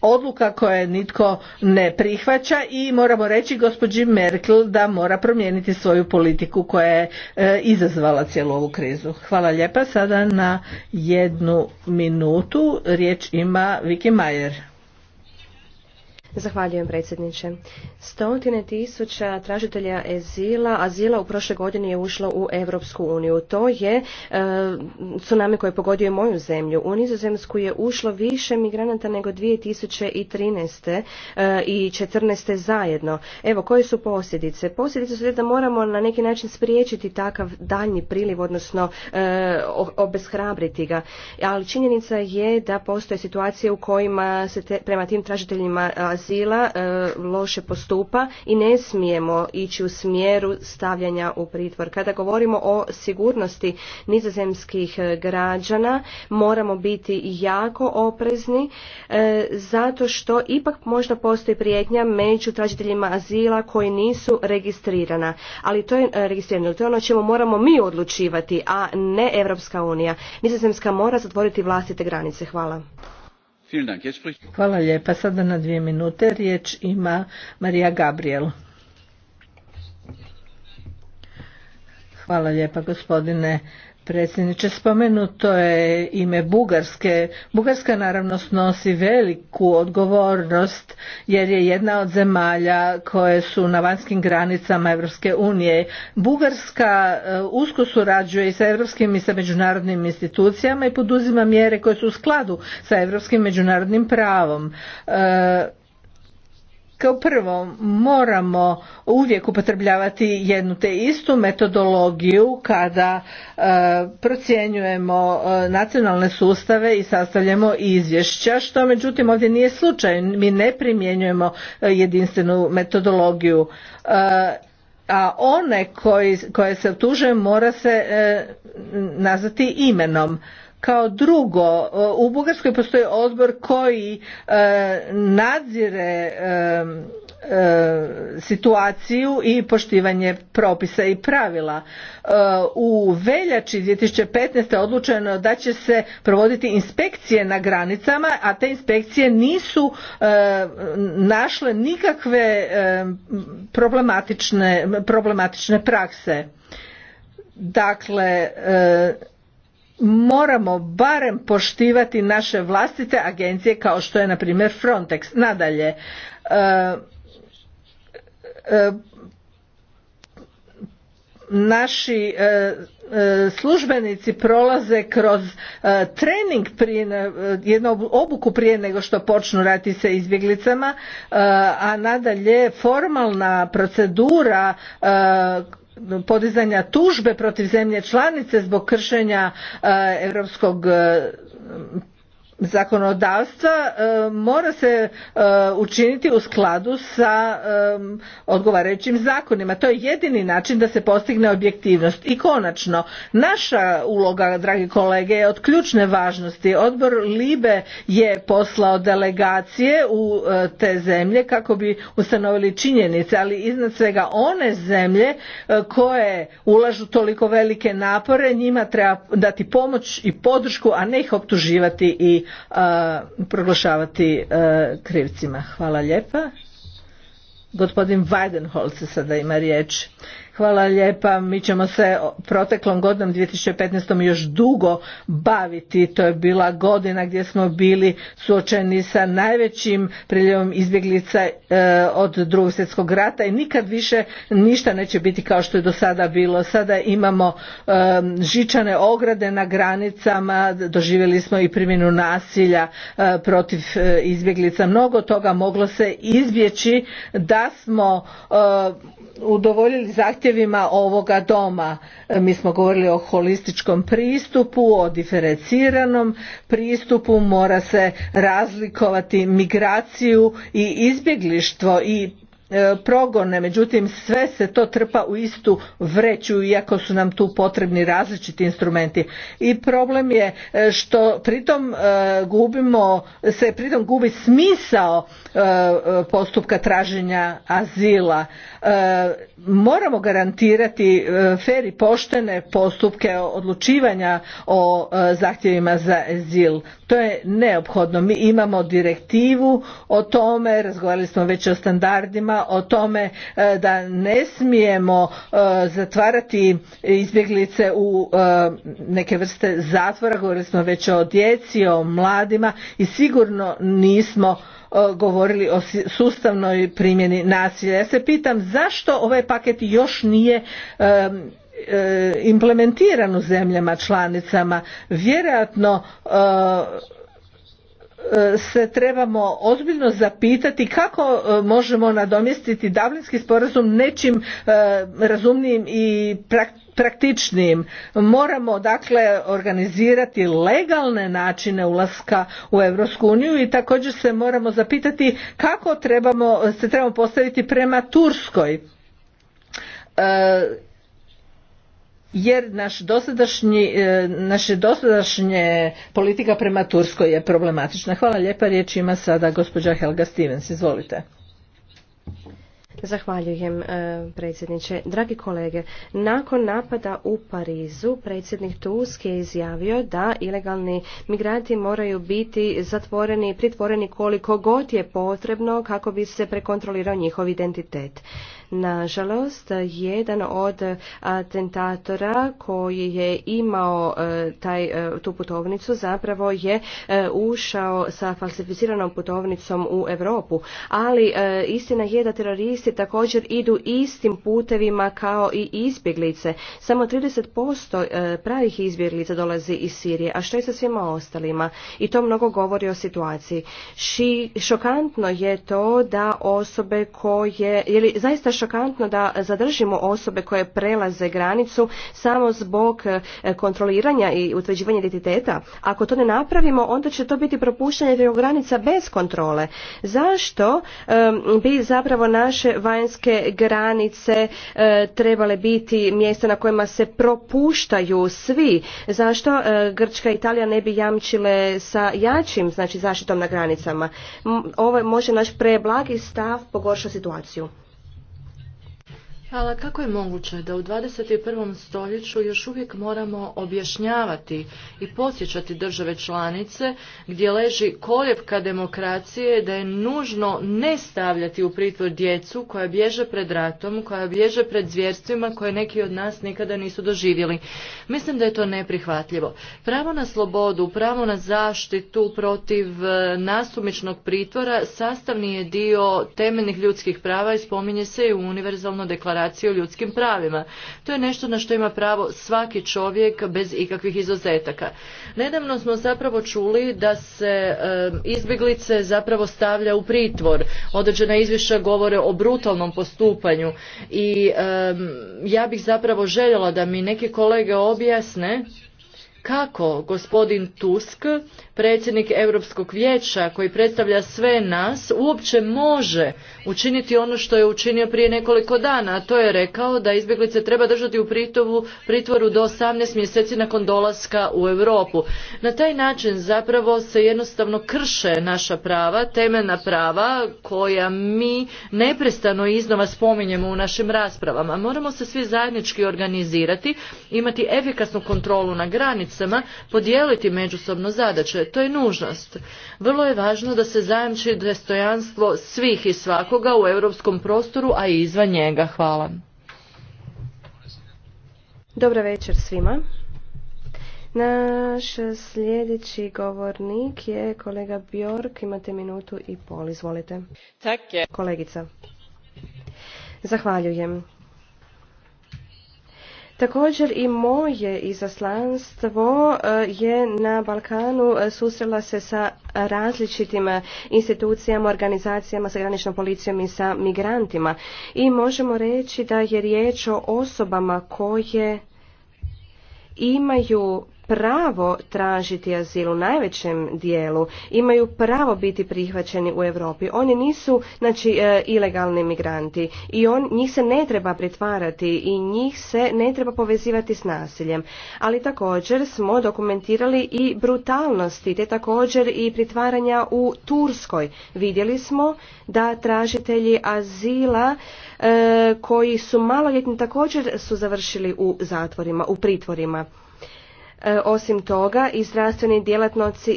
odluka koje nitko ne prihvaća i moramo reći gospođi Merkel da mora promijeniti svoju politiku koja je e, izazvala cijelu ovu krizu. Hvala lijepa. Sada na jednu minutu riječ ima Viki Mayer. Zahvaljujem predsjedniče. Stotine tisuća tražitelja azila, azila u prošle godine je ušlo u Europsku uniju. To je e, tsunami koji je pogodio moju zemlju. U Nizozemsku je ušlo više migranata nego 2013. E, i 14. zajedno. Evo, koje su posljedice? Posljedice su da moramo na neki način spriječiti takav daljnji priliv, odnosno e, obeshrabriti ga. Ali činjenica je da postoje situacije u kojima se prema tim tražiteljima azila e, loše postupa i ne smijemo ići u smjeru stavljanja u pritvor. Kada govorimo o sigurnosti nizozemskih e, građana moramo biti jako oprezni e, zato što ipak možda postoji prijetnja među tražiteljima azila koji nisu registrirana. Ali to je registrirano, to je ono čemu moramo mi odlučivati, a ne Europska unija. Nizozemska mora zatvoriti vlastite granice. Hvala. Hvala lijepa. Sada na dvije minute riječ ima Marija Gabriel. Hvala lijepa gospodine predsjedniče. Spomenuto je ime Bugarske. Bugarska naravno snosi veliku odgovornost jer je jedna od zemalja koje su na vanjskim granicama Europske unije. Bugarska eh, usko surađuje i sa europskim i sa međunarodnim institucijama i poduzima mjere koje su u skladu sa europskim međunarodnim pravom. Eh, kao prvo moramo uvijek upotrebljavati jednu te istu metodologiju kada e, procjenjujemo e, nacionalne sustave i sastavljamo izvješća što međutim ovdje nije slučaj mi ne primjenjujemo e, jedinstvenu metodologiju a one koje se optužuje mora se nazvati imenom kao drugo, e, u Bugarskoj postoji odbor koji e, nadzire e, situaciju i poštivanje propisa i pravila. U veljači 2015. odlučeno da će se provoditi inspekcije na granicama, a te inspekcije nisu našle nikakve problematične, problematične prakse. Dakle, moramo barem poštivati naše vlastite agencije kao što je na primjer Frontex. Nadalje, e, e, naši e, službenici prolaze kroz trening prije, jednu obuku prije nego što počnu raditi sa izbjeglicama, a nadalje formalna procedura podizanja tužbe protiv zemlje članice zbog kršenja e, europskog e, zakonodavstva e, mora se e, učiniti u skladu sa e, odgovarajućim zakonima. To je jedini način da se postigne objektivnost. I konačno, naša uloga, dragi kolege, je od ključne važnosti. Odbor Libe je poslao delegacije u te zemlje kako bi ustanovili činjenice, ali iznad svega one zemlje koje ulažu toliko velike napore, njima treba dati pomoć i podršku, a ne ih optuživati i proglašavati krivcima. Hvala lijepa. Gospodin Weidenholz sada ima riječ. Hvala lijepa. Mi ćemo se proteklom godinom 2015. još dugo baviti. To je bila godina gdje smo bili suočeni sa najvećim priljevom izbjeglica e, od drugog svjetskog rata i nikad više ništa neće biti kao što je do sada bilo. Sada imamo e, žičane ograde na granicama, doživjeli smo i primjenu nasilja e, protiv izbjeglica. Mnogo toga moglo se izbjeći da smo udovoljili zahtjev zahtjevima ovoga doma. E, mi smo govorili o holističkom pristupu, o diferenciranom pristupu, mora se razlikovati migraciju i izbjeglištvo i E, progone međutim sve se to trpa u istu vreću iako su nam tu potrebni različiti instrumenti i problem je e, što pritom e, gubimo se pritom gubi smisao postupka traženja azila moramo garantirati fer i poštene postupke odlučivanja o zahtjevima za azil to je neophodno mi imamo direktivu o tome razgovarali smo već o standardima o tome e, da ne smijemo e, zatvarati izbjeglice u e, neke vrste zatvora, govorili smo već o djeci, o mladima i sigurno nismo govorili o sustavnoj primjeni nasilja. Ja se pitam zašto ovaj paket još nije implementiran u zemljama članicama. Vjerojatno E, se trebamo ozbiljno zapitati kako e, možemo nadomjestiti Dublinski sporazum nečim e, razumnijim i praktičnijim. Moramo dakle organizirati legalne načine ulaska u Europsku uniju i također se moramo zapitati kako se trebamo postaviti prema Turskoj jer naš dosadašnji, e, naše dosadašnje politika prema Turskoj je problematična. Hvala lijepa, riječ ima sada gospođa Helga Stevens, izvolite. Zahvaljujem e, predsjedniče. Dragi kolege, nakon napada u Parizu predsjednik Tusk je izjavio da ilegalni migranti moraju biti zatvoreni i pritvoreni koliko god je potrebno kako bi se prekontrolirao njihov identitet. Nažalost, jedan od atentatora koji je imao e, taj, e, tu putovnicu zapravo je e, ušao sa falsificiranom putovnicom u Europu. Ali istina je da teroristi također idu istim putevima kao i izbjeglice. Samo 30% pravih izbjeglica dolazi iz Sirije, a što je sa svima ostalima? I to mnogo govori o situaciji. šokantno je to da osobe koje, je li zaista šokantno šokantno da zadržimo osobe koje prelaze granicu samo zbog e, kontroliranja i utvrđivanja identiteta. Ako to ne napravimo, onda će to biti propuštanje granica bez kontrole. Zašto e, bi zapravo naše vanjske granice e, trebale biti mjesta na kojima se propuštaju svi? Zašto Grčka i Italija ne bi jamčile sa jačim znači zaštitom na granicama? Ovo može naš preblagi stav pogorša situaciju kako je moguće da u 21. stoljeću još uvijek moramo objašnjavati i posjećati države članice gdje leži koljevka demokracije da je nužno ne stavljati u pritvor djecu koja bježe pred ratom, koja bježe pred zvjerstvima koje neki od nas nikada nisu doživjeli. Mislim da je to neprihvatljivo. Pravo na slobodu, pravo na zaštitu protiv e, nasumičnog pritvora sastavni je dio temeljnih ljudskih prava i spominje se i u univerzalno deklaraciju o ljudskim pravima. To je nešto na što ima pravo svaki čovjek bez ikakvih izuzetaka. Nedavno smo zapravo čuli da se izbjeglice zapravo stavlja u pritvor. Određena izvješća govore o brutalnom postupanju i ja bih zapravo željela da mi neke kolege objasne kako gospodin Tusk, predsjednik Europskog vijeća koji predstavlja sve nas, uopće može učiniti ono što je učinio prije nekoliko dana, a to je rekao da izbjeglice treba držati u pritovu, pritvoru do 18 mjeseci nakon dolaska u Europu. Na taj način zapravo se jednostavno krše naša prava, temeljna prava koja mi neprestano iznova spominjemo u našim raspravama. Moramo se svi zajednički organizirati, imati efikasnu kontrolu na granicama, podijeliti međusobno zadaće. To je nužnost. Vrlo je važno da se zajamči dostojanstvo svih i svakog svakoga u europskom prostoru, a i izvan njega. Hvala. Dobar večer svima. Naš sljedeći govornik je kolega Bjork. Imate minutu i pol, izvolite. Tako Kolegica. Zahvaljujem. Također i moje izaslanstvo e, je na Balkanu e, susrela se sa različitim e, institucijama, organizacijama, sa graničnom policijom i sa migrantima. I možemo reći da je riječ o osobama koje imaju pravo tražiti azil u najvećem dijelu, imaju pravo biti prihvaćeni u Europi. Oni nisu znači e, ilegalni migranti i on, njih se ne treba pritvarati i njih se ne treba povezivati s nasiljem. Ali također smo dokumentirali i brutalnosti, te također i pritvaranja u Turskoj. Vidjeli smo da tražitelji azila e, koji su maloljetni također su završili u zatvorima, u pritvorima. E, osim toga, i zdravstveni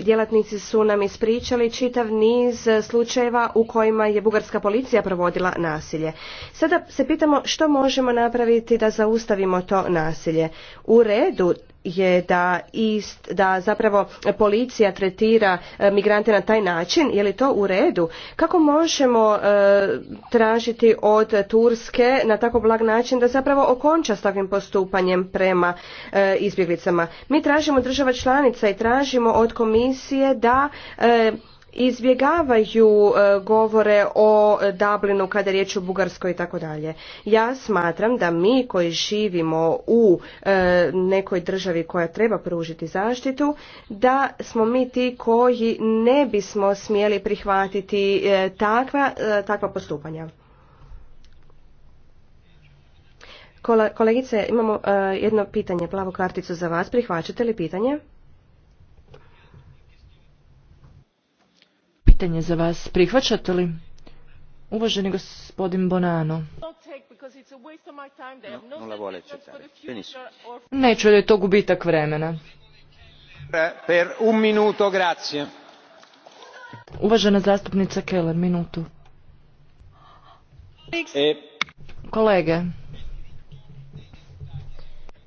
djelatnici, su nam ispričali čitav niz e, slučajeva u kojima je bugarska policija provodila nasilje. Sada se pitamo što možemo napraviti da zaustavimo to nasilje. U redu, je da ist, da zapravo policija tretira e, migrante na taj način, je li to u redu? Kako možemo e, tražiti od Turske na tako blag način da zapravo okonča s takvim postupanjem prema e, izbjeglicama? Mi tražimo država članica i tražimo od komisije da izbjegavaju e, govore o Dublinu kada je riječ o Bugarskoj i tako dalje. Ja smatram da mi koji živimo u e, nekoj državi koja treba pružiti zaštitu, da smo mi ti koji ne bismo smjeli prihvatiti e, takva, takva postupanja. Kolegice, imamo jedno pitanje, plavu karticu za vas. Prihvaćate li pitanje? pitanje za vas. Prihvaćate li? Uvaženi gospodin Bonano. Neću da je to gubitak vremena. Per un minuto, grazie. Uvažena zastupnica Keller, minutu. E- Kolege,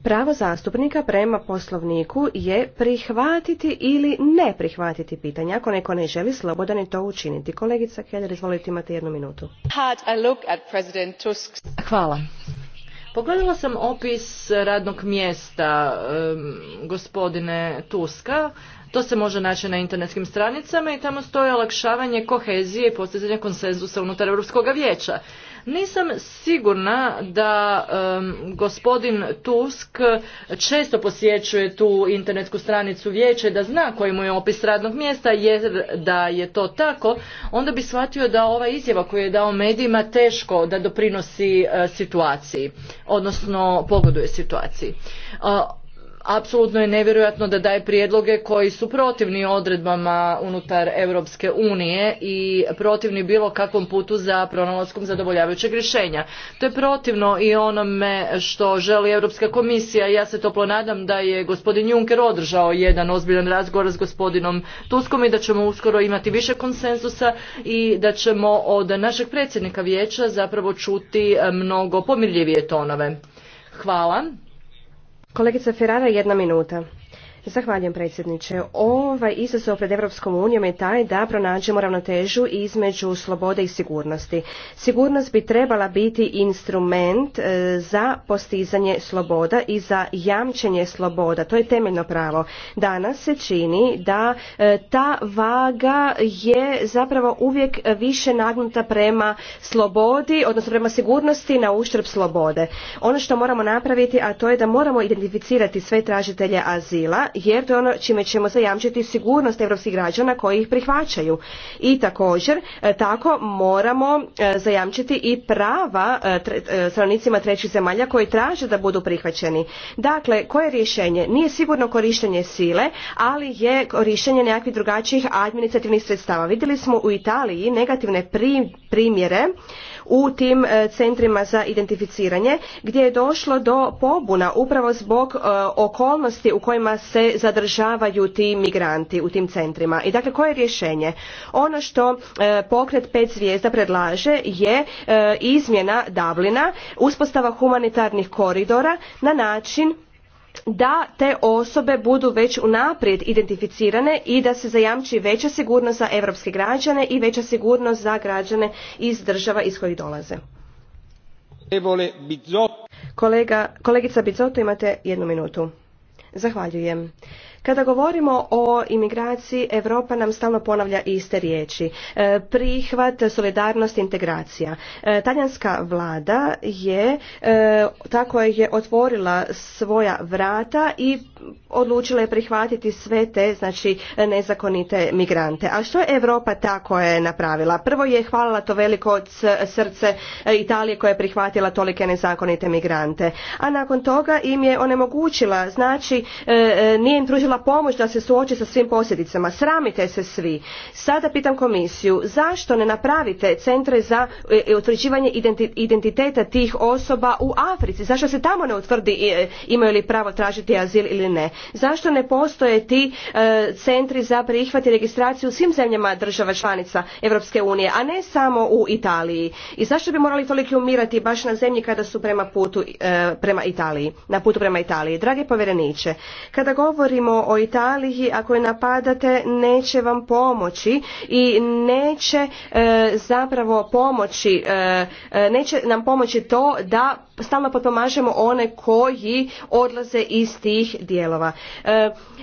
Pravo zastupnika prema poslovniku je prihvatiti ili ne prihvatiti pitanje. Ako neko ne želi, slobodan je to učiniti. Kolegica Keller, izvolite, imate jednu minutu. Hvala. Pogledala sam opis radnog mjesta gospodine Tuska. To se može naći na internetskim stranicama i tamo stoje olakšavanje kohezije i postizanje konsenzusa unutar Europskog vijeća. Nisam sigurna da gospodin Tusk često posjećuje tu internetsku stranicu vijeća da zna koji mu je opis radnog mjesta jer da je to tako, onda bi shvatio da ova izjava koju je dao medijima teško da doprinosi e, situaciji, odnosno pogoduje situaciji. Uh, apsolutno je nevjerojatno da daje prijedloge koji su protivni odredbama unutar Europske unije i protivni bilo kakvom putu za pronalaskom zadovoljavajućeg rješenja. To je protivno i onome što želi Europska komisija ja se toplo nadam da je gospodin Juncker održao jedan ozbiljan razgovor s gospodinom Tuskom i da ćemo uskoro imati više konsenzusa i da ćemo od našeg predsjednika vijeća zapravo čuti mnogo pomirljivije tonove. Hvala. Kolegica Ferrara, jedna minuta. Zahvaljujem predsjedniče. Ovaj izazov pred Europskom unijom je taj da pronađemo ravnotežu između slobode i sigurnosti. Sigurnost bi trebala biti instrument e, za postizanje sloboda i za jamčenje sloboda. To je temeljno pravo. Danas se čini da e, ta vaga je zapravo uvijek više nagnuta prema slobodi, odnosno prema sigurnosti na uštrb slobode. Ono što moramo napraviti, a to je da moramo identificirati sve tražitelje azila jer to je ono čime ćemo zajamčiti sigurnost europskih građana koji ih prihvaćaju. I također e, tako moramo e, zajamčiti i prava e, stranicima trećih zemalja koji traže da budu prihvaćeni. Dakle, koje je rješenje? Nije sigurno korištenje sile, ali je korištenje nekakvih drugačijih administrativnih sredstava. Vidjeli smo u Italiji negativne primjere u tim e, centrima za identificiranje gdje je došlo do pobuna upravo zbog e, okolnosti u kojima se zadržavaju ti migranti u tim centrima. I dakle koje je rješenje? Ono što e, pokret pet zvijezda predlaže je izmjena Dublina, uspostava humanitarnih koridora na način da te osobe budu već unaprijed identificirane i da se zajamči veća sigurnost za europske građane i veća sigurnost za građane iz država iz kojih dolaze. Kolega, kolegica Bizoto, imate jednu minutu. Zahvaljujem. Kada govorimo o imigraciji, Europa nam stalno ponavlja iste riječi. E, prihvat, solidarnost, integracija. E, talijanska vlada je e, tako je otvorila svoja vrata i odlučila je prihvatiti sve te znači nezakonite migrante. A što je Europa tako je napravila? Prvo je hvalila to veliko srce Italije koja je prihvatila tolike nezakonite migrante. A nakon toga im je onemogućila, znači nije im pružila pomoć da se suoči sa svim posljedicama. Sramite se svi. Sada pitam komisiju, zašto ne napravite centre za e, e, utvrđivanje identiteta tih osoba u Africi? Zašto se tamo ne utvrdi e, imaju li pravo tražiti azil ili ne? Zašto ne postoje ti centri za prihvat i registraciju u svim zemljama država članica Europske unije, a ne samo u Italiji? I zašto bi morali toliko umirati baš na zemlji kada su prema putu prema Italiji, na putu prema Italiji? Drage povjereniče, kada govorimo o Italiji, ako je napadate neće vam pomoći i neće e, zapravo pomoći, e, e, neće nam pomoći to da stalno potpomažemo one koji odlaze iz tih dijelova.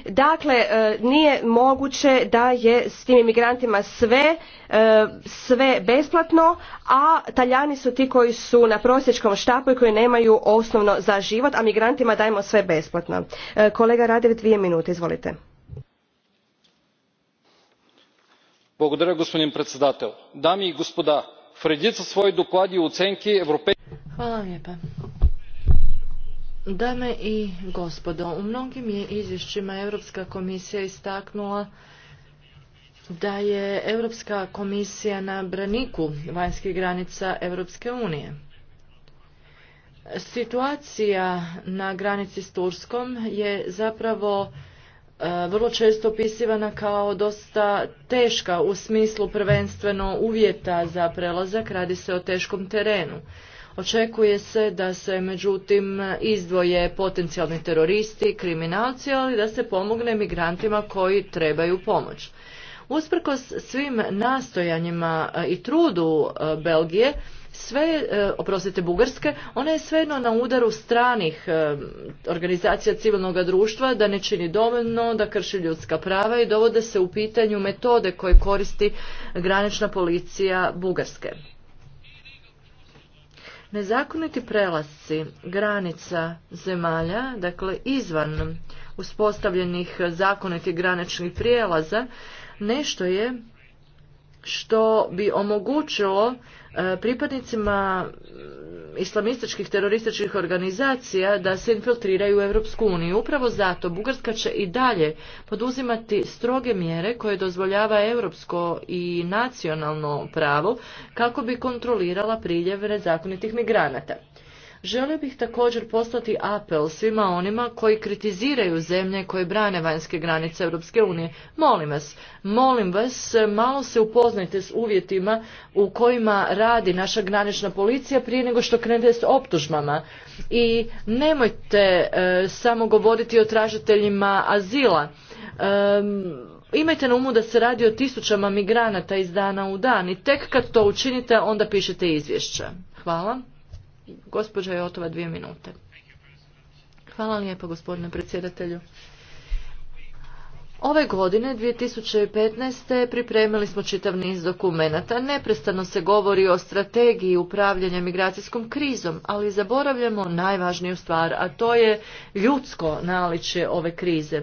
Dakle, e, nije moguće da je s tim imigrantima sve, e, sve besplatno, a taljani su ti koji su na prosječkom štapu i koji nemaju osnovno za život, a migrantima dajemo sve besplatno. E, kolega Radev, dvije minute, izvolite. Благодаря, господин председател. Дами и господа, в редица свои доклади и оценки Dame i gospodo, u mnogim je izvješćima Europska komisija istaknula da je Europska komisija na braniku vanjskih granica Europske unije. Situacija na granici s Turskom je zapravo e, vrlo često opisivana kao dosta teška u smislu prvenstveno uvjeta za prelazak, radi se o teškom terenu. Očekuje se da se međutim izdvoje potencijalni teroristi, kriminalci, ali da se pomogne migrantima koji trebaju pomoć. Usprkos svim nastojanjima e, i trudu e, Belgije, sve, e, oprostite, Bugarske, ona je svejedno na udaru stranih organizacija civilnog društva da ne čini dovoljno, da krši ljudska prava i dovode se u pitanju metode koje koristi granična policija Bugarske. Nezakoniti prelasci granica zemalja, dakle izvan uspostavljenih zakonitih graničnih prijelaza, nešto je što bi omogućilo E, pripadnicima islamističkih terorističkih organizacija da se infiltriraju u Europsku uniju. Upravo zato Bugarska će i dalje poduzimati stroge mjere koje dozvoljava europsko i nacionalno pravo kako bi kontrolirala priljev nezakonitih migranata. Želio bih također poslati apel svima onima koji kritiziraju zemlje koje brane vanjske granice Europske unije. Molim vas, molim vas, malo se upoznajte s uvjetima u kojima radi naša granična policija prije nego što krenete s optužbama. I nemojte e, samo govoriti o tražiteljima azila. E, Imajte na umu da se radi o tisućama migranata iz dana u dan i tek kad to učinite onda pišete izvješća. Hvala. Gospođa je otova dvije minute. Hvala lijepo gospodine predsjedatelju. Ove godine 2015. pripremili smo čitav niz dokumenata. Neprestano se govori o strategiji upravljanja migracijskom krizom, ali zaboravljamo najvažniju stvar, a to je ljudsko naličje ove krize.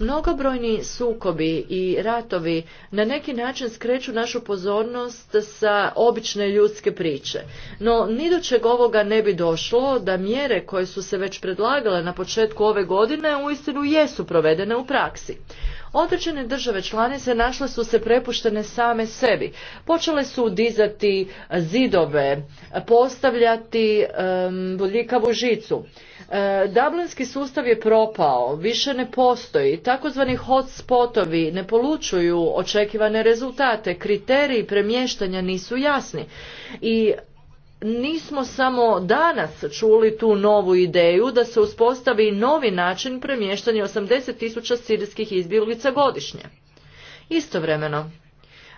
Mnogobrojni sukobi i ratovi na neki način skreću našu pozornost sa obične ljudske priče. No, ni do čeg ovoga ne bi došlo da mjere koje su se već predlagale na početku ove godine uistinu jesu provedene u praksi. Određene države članice našle su se prepuštene same sebi. Počele su dizati zidove, postavljati um, žicu. E, Dublinski sustav je propao, više ne postoji, takozvani hot spotovi ne polučuju očekivane rezultate, kriteriji premještanja nisu jasni i nismo samo danas čuli tu novu ideju da se uspostavi novi način premještanja 80.000 sirijskih izbjeglica godišnje. Istovremeno,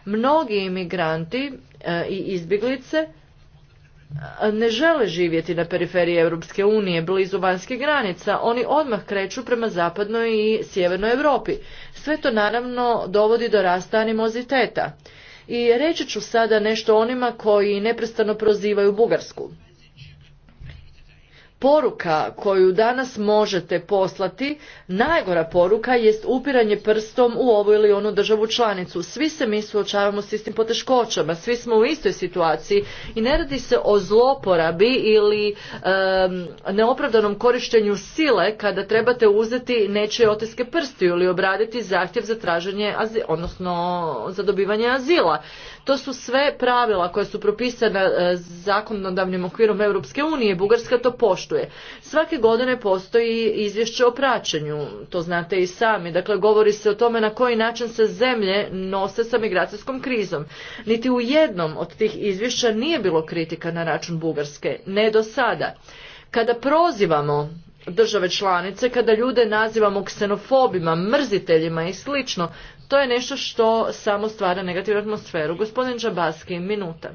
mnogi imigranti e, i izbjeglice e, ne žele živjeti na periferiji Europske unije, blizu vanjskih granica, oni odmah kreću prema zapadnoj i sjevernoj Europi. Sve to naravno dovodi do rasta animoziteta. I reći ću sada nešto onima koji neprestano prozivaju Bugarsku poruka koju danas možete poslati, najgora poruka jest upiranje prstom u ovu ili onu državu članicu. Svi se mi suočavamo s istim poteškoćama, svi smo u istoj situaciji i ne radi se o zloporabi ili neopravdanom korištenju sile kada trebate uzeti nečije oteske prsti ili obraditi zahtjev za traženje, azila odnosno za dobivanje azila. To su sve pravila koja su propisana e, zakonodavnim okvirom Europske unije. Bugarska to poštuje. Svake godine postoji izvješće o praćenju. To znate i sami. Dakle, govori se o tome na koji način se zemlje nose sa migracijskom krizom. Niti u jednom od tih izvješća nije bilo kritika na račun Bugarske. Ne do sada. Kada prozivamo države članice, kada ljude nazivamo ksenofobima, mrziteljima i slično, to je nešto što samo stvara negativnu atmosferu. Gospodin Džabaski, minuta.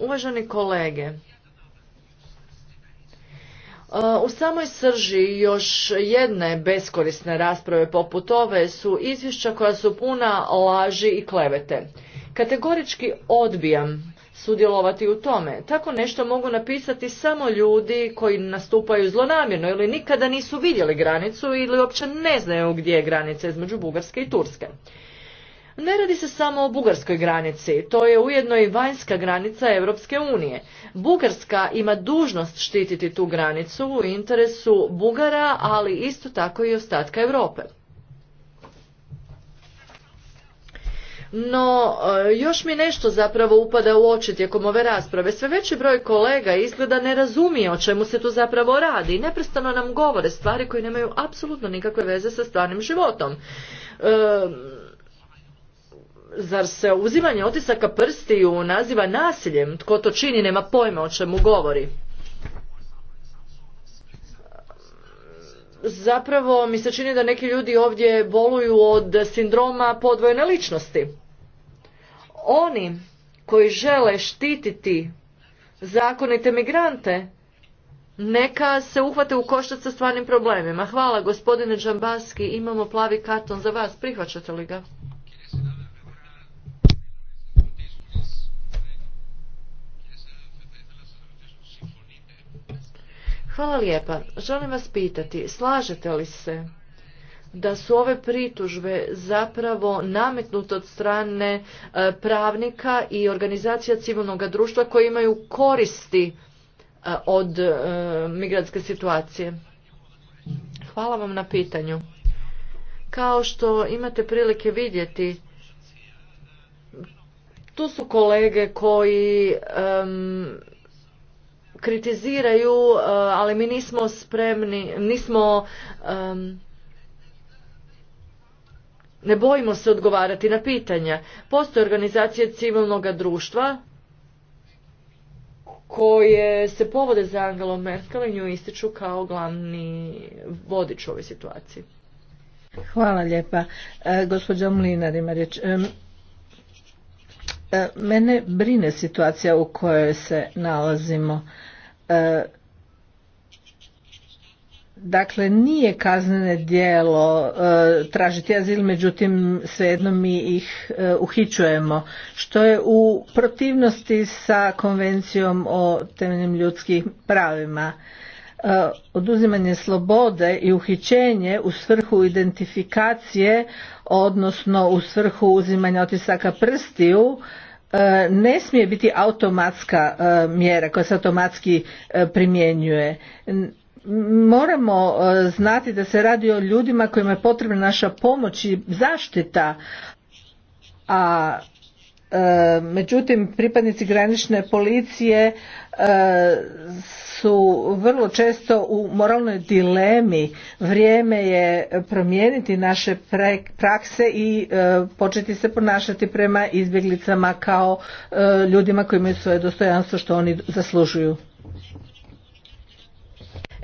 Uvaženi kolege, e, u samoj srži još jedne beskorisne rasprave poput ove su izvješća koja su puna laži i klevete. Kategorički odbijam sudjelovati u tome. Tako nešto mogu napisati samo ljudi koji nastupaju zlonamjerno ili nikada nisu vidjeli granicu ili uopće ne znaju gdje je granica između Bugarske i Turske. Ne radi se samo o bugarskoj granici, to je ujedno i vanjska granica Europske unije. Bugarska ima dužnost štititi tu granicu u interesu Bugara, ali isto tako i ostatka Europe. No, e, još mi nešto zapravo upada u oči tijekom ove rasprave. Sve veći broj kolega izgleda ne razumije o čemu se tu zapravo radi i neprestano nam govore stvari koje nemaju apsolutno nikakve veze sa stvarnim životom. E, zar se uzimanje otisaka prstiju naziva nasiljem? Tko to čini nema pojma o čemu govori. zapravo mi se čini da neki ljudi ovdje boluju od sindroma podvojene ličnosti. Oni koji žele štititi zakonite migrante, neka se uhvate u koštac sa stvarnim problemima. Hvala gospodine Džambaski, imamo plavi karton za vas, prihvaćate li ga? Hvala lijepa. Želim vas pitati, slažete li se da su ove pritužbe zapravo nametnute od strane e, pravnika i organizacija civilnog društva koji imaju koristi e, od e, migrantske situacije? Hvala vam na pitanju. Kao što imate prilike vidjeti, tu su kolege koji kritiziraju, eh, ali mi nismo spremni, nismo ne bojimo se odgovarati na pitanja. Postoje organizacije civilnog društva koje se povode za Angelom Merkel i nju ističu kao glavni vodič u ovoj situaciji. Hvala lijepa. E, gospođa Mlinar ima riječ. E, e, mene brine situacija u kojoj se nalazimo. E, dakle, nije kaznene djelo e, tražiti azil, međutim svejedno mi ih e, uhićujemo, što je u protivnosti sa konvencijom o temeljnim ljudskim pravima. Oduzimanje slobode i uhićenje u svrhu identifikacije, odnosno u svrhu uzimanja otisaka prstiju, E, ne smije biti automatska e, mjera koja se automatski e, primjenjuje moramo znati da se radi o ljudima kojima je potrebna naša pomoć i zaštita a E, međutim, pripadnici granične policije e, su vrlo često u moralnoj dilemi. Vrijeme je promijeniti naše prakse i e, početi se ponašati prema izbjeglicama kao ljudima koji imaju svoje dostojanstvo što oni zaslužuju.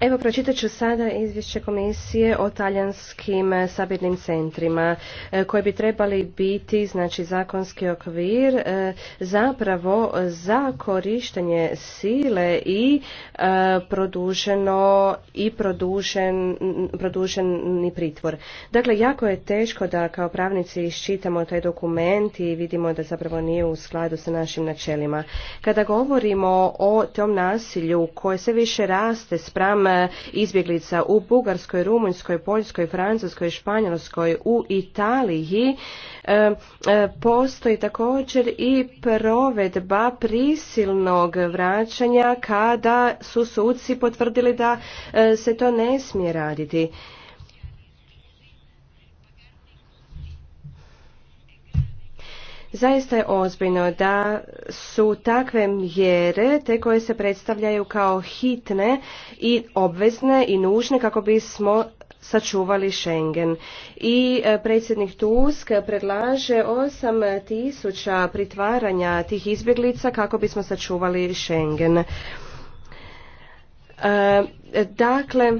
Evo, pročitat ću sada izvješće komisije o talijanskim e, sabirnim centrima e, koji bi trebali biti znači, zakonski okvir e, zapravo za korištenje sile i produženo i produžen, produženi pritvor. Dakle, jako je teško da kao pravnici iščitamo taj dokument i vidimo da zapravo nije u skladu sa našim načelima. Kada govorimo o tom nasilju koje se više raste spram izbjeglica u Bugarskoj, Rumunjskoj, Poljskoj, Francuskoj, Španjolskoj, u Italiji e, e, postoji također i provedba prisilnog vraćanja kada su suci potvrdili da e, se to ne smije raditi. Zaista je ozbiljno da su takve mjere, te koje se predstavljaju kao hitne i obvezne i nužne kako bismo sačuvali Schengen. I e, predsjednik Tusk predlaže 8000 pritvaranja tih izbjeglica kako bismo sačuvali Schengen. E, dakle,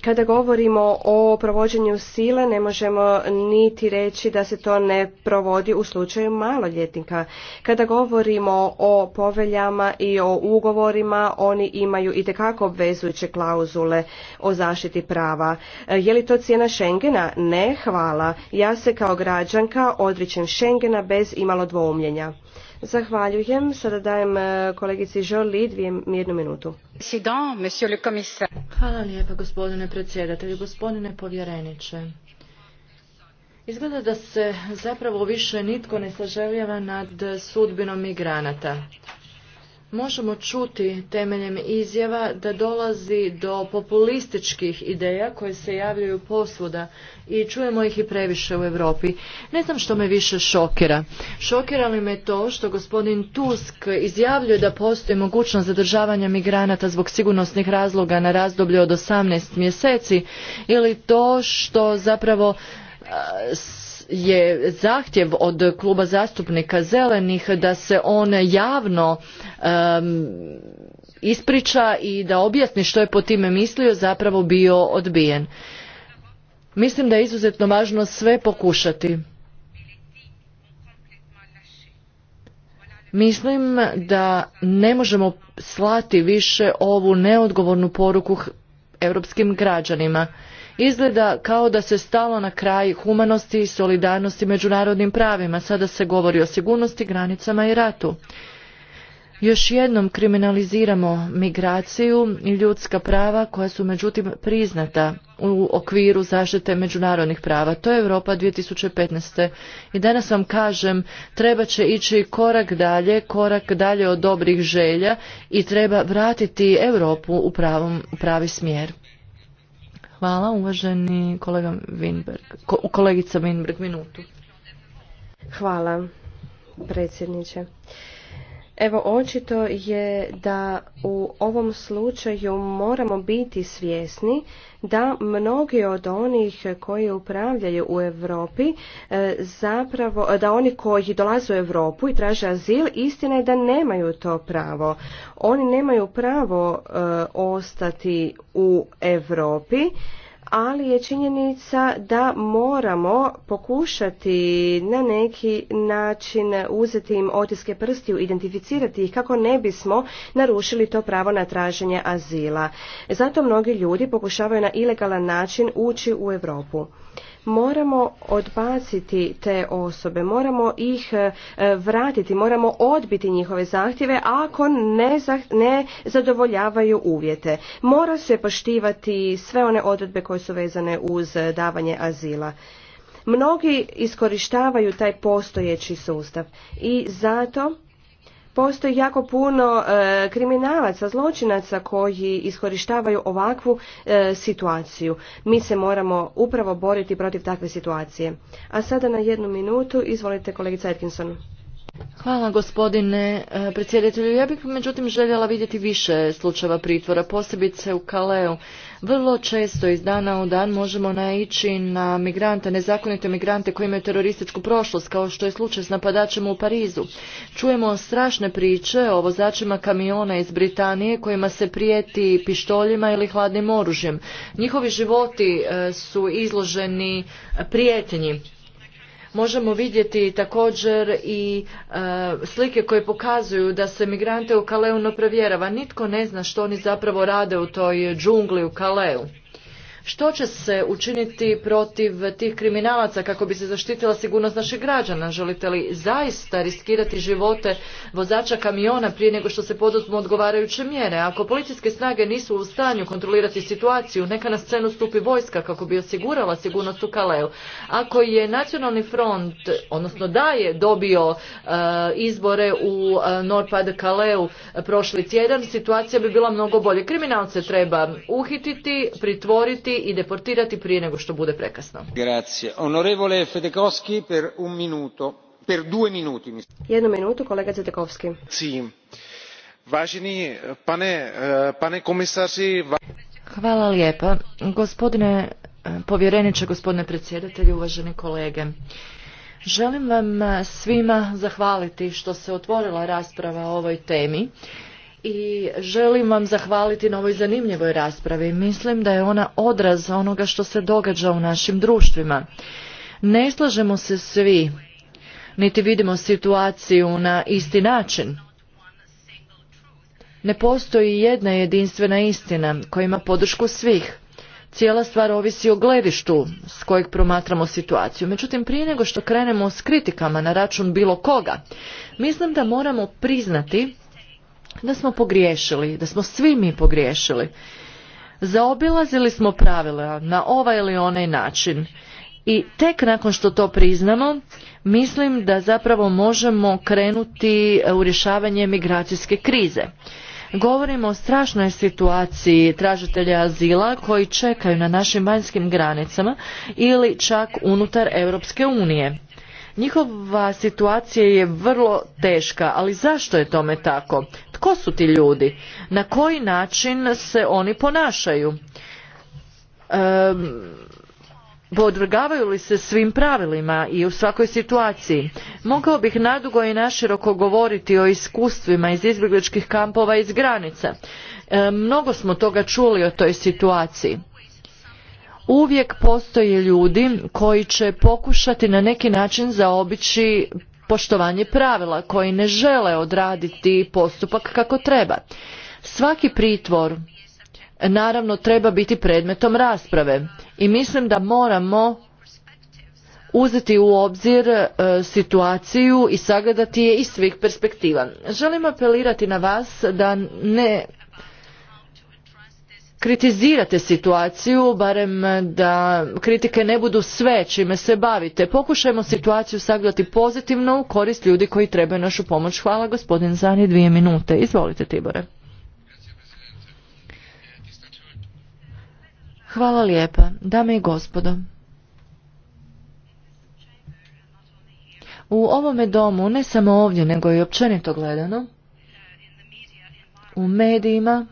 kada govorimo o provođenju sile, ne možemo niti reći da se to ne provodi u slučaju maloljetnika. Kada govorimo o poveljama i o ugovorima, oni imaju i tekako obvezujuće klauzule o zaštiti prava. E, je li to cijena Schengena? Ne, hvala. Ja se kao građanka odričem Schengena bez imalo dvoumljenja. Zahvaljujem. Sada dajem e, kolegici Žoli dvije jednu minutu. Hvala lijepa gospodine predsjedatelju, gospodine povjereniče. Izgleda da se zapravo više nitko ne saželjeva nad sudbinom migranata možemo čuti temeljem izjava da dolazi do populističkih ideja koje se javljaju posvuda i čujemo ih i previše u Europi. Ne znam što me više šokira. Šokira li me to što gospodin Tusk izjavljuje da postoji mogućnost zadržavanja migranata zbog sigurnosnih razloga na razdoblje od 18 mjeseci ili to što zapravo je zahtjev od kluba zastupnika zelenih da se on javno ispriča i da objasni što je po time mislio zapravo bio odbijen. Mislim da je izuzetno važno sve pokušati. Mislim da ne možemo slati više ovu neodgovornu poruku europskim građanima. Izgleda kao da se stalo na kraj humanosti i solidarnosti međunarodnim pravima. Sada se govori o sigurnosti, granicama i ratu. Još jednom kriminaliziramo migraciju i ljudska prava koja su međutim priznata u okviru zaštite međunarodnih prava. To je Europa 2015. I danas vam kažem, treba će ići korak dalje, korak dalje od dobrih želja i treba vratiti Europu u, pravom, u pravi smjer. Hvala, uvaženi kolega Winberg. Ko, kolegica Winberg, minutu. Hvala, predsjedniče. Evo očito je da u ovom slučaju moramo biti svjesni da mnogi od onih koji upravljaju u Europi e, zapravo da oni koji dolaze u Europu i traže azil istina je da nemaju to pravo. Oni nemaju pravo e, ostati u Europi ali je činjenica da moramo pokušati na neki način uzeti im otiske prstiju, identificirati ih kako ne bismo narušili to pravo na traženje azila. Zato mnogi ljudi pokušavaju na ilegalan način ući u Europu moramo odbaciti te osobe, moramo ih e, vratiti, moramo odbiti njihove zahtjeve ako ne, ne zadovoljavaju uvjete. Mora se poštivati sve one odredbe koje su vezane uz davanje azila. Mnogi iskorištavaju taj postojeći sustav i zato Postoji jako puno e, kriminalaca, zločinaca koji iskorištavaju ovakvu e, situaciju. Mi se moramo upravo boriti protiv takve situacije. A sada na jednu minutu izvolite kolegica Atkinson. Hvala gospodine e, predsjedatelju. Ja bih međutim željela vidjeti više slučajeva pritvora, posebice u Kaleu. Vrlo često iz dana u dan možemo naići na migrante, nezakonite migrante koji imaju terorističku prošlost, kao što je slučaj s napadačem u Parizu. Čujemo strašne priče o vozačima kamiona iz Britanije kojima se prijeti pištoljima ili hladnim oružjem. Njihovi životi e, su izloženi prijetnji Možemo vidjeti također i e, slike koje pokazuju da se migrante u Kaleu ne provjerava. Nitko ne zna što oni zapravo rade u toj džungli u Kaleu. Što će se učiniti protiv tih kriminalaca kako bi se zaštitila sigurnost naših građana? Želite li zaista riskirati živote vozača kamiona prije nego što se poduzmu odgovarajuće mjere? Ako policijske snage nisu u stanju kontrolirati situaciju, neka na scenu stupi vojska kako bi osigurala sigurnost u Kaleu. Ako je nacionalni front, odnosno da je dobio e, izbore u e, Norpad Kaleu prošli tjedan, situacija bi bila mnogo bolje. Kriminalce treba uhititi, pritvoriti, i deportirati prije nego što bude prekasno. Eh, Hvala lijepa. Gospodine eh, povjereniče, gospodine predsjedatelju, uvaženi kolege. Želim vam eh, svima zahvaliti što se otvorila rasprava o ovoj temi i želim vam zahvaliti na ovoj zanimljivoj raspravi. Mislim da je ona odraz onoga što se događa u našim društvima. Ne slažemo se svi, niti vidimo situaciju na isti način. Ne postoji jedna jedinstvena istina koja ima podršku svih. Cijela stvar ovisi o gledištu s kojeg promatramo situaciju. Međutim, prije nego što krenemo s kritikama na račun bilo koga, mislim da moramo priznati da smo pogriješili, da smo svi mi pogriješili. Zaobilazili smo pravila na ovaj ili onaj način i tek nakon što to priznamo, mislim da zapravo možemo krenuti e, u rješavanje migracijske krize. Govorimo o strašnoj situaciji tražitelja azila koji čekaju na našim vanjskim granicama ili čak unutar Europske unije. Njihova situacija je vrlo teška, ali zašto je tome tako? tko su ti ljudi, na koji način se oni ponašaju. E, podvrgavaju li se svim pravilima i u svakoj situaciji mogao bih nadugo i naširoko govoriti o iskustvima iz izbjegličkih kampova iz granica mnogo smo toga čuli o toj situaciji uvijek postoje ljudi koji će pokušati na neki način zaobići poštovanje pravila koji ne žele odraditi postupak kako treba. Svaki pritvor naravno treba biti predmetom rasprave i mislim da moramo uzeti u obzir e, situaciju i sagledati je iz svih perspektiva. Želim apelirati na vas da ne kritizirate situaciju, barem da kritike ne budu sve čime se bavite. Pokušajmo situaciju sagledati pozitivno u korist ljudi koji trebaju našu pomoć. Hvala gospodin Zani, dvije minute. Izvolite Tibore. Hvala lijepa, dame i gospodo. U ovome domu, ne samo ovdje, nego i općenito gledano, u medijima,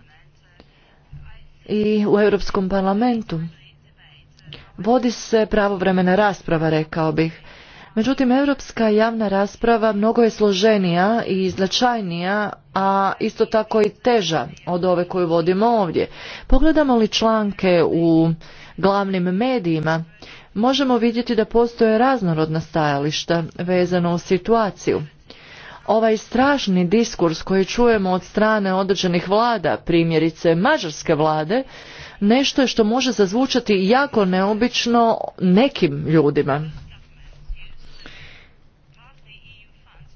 i u Europskom parlamentu. Vodi se pravovremena rasprava, rekao bih. Međutim, europska javna rasprava mnogo je složenija i značajnija, a isto tako i teža od ove koju vodimo ovdje. Pogledamo li članke u glavnim medijima, možemo vidjeti da postoje raznorodna stajališta vezano u situaciju ovaj strašni diskurs koji čujemo od strane određenih vlada, primjerice mađarske vlade, nešto je što može zazvučati jako neobično nekim ljudima.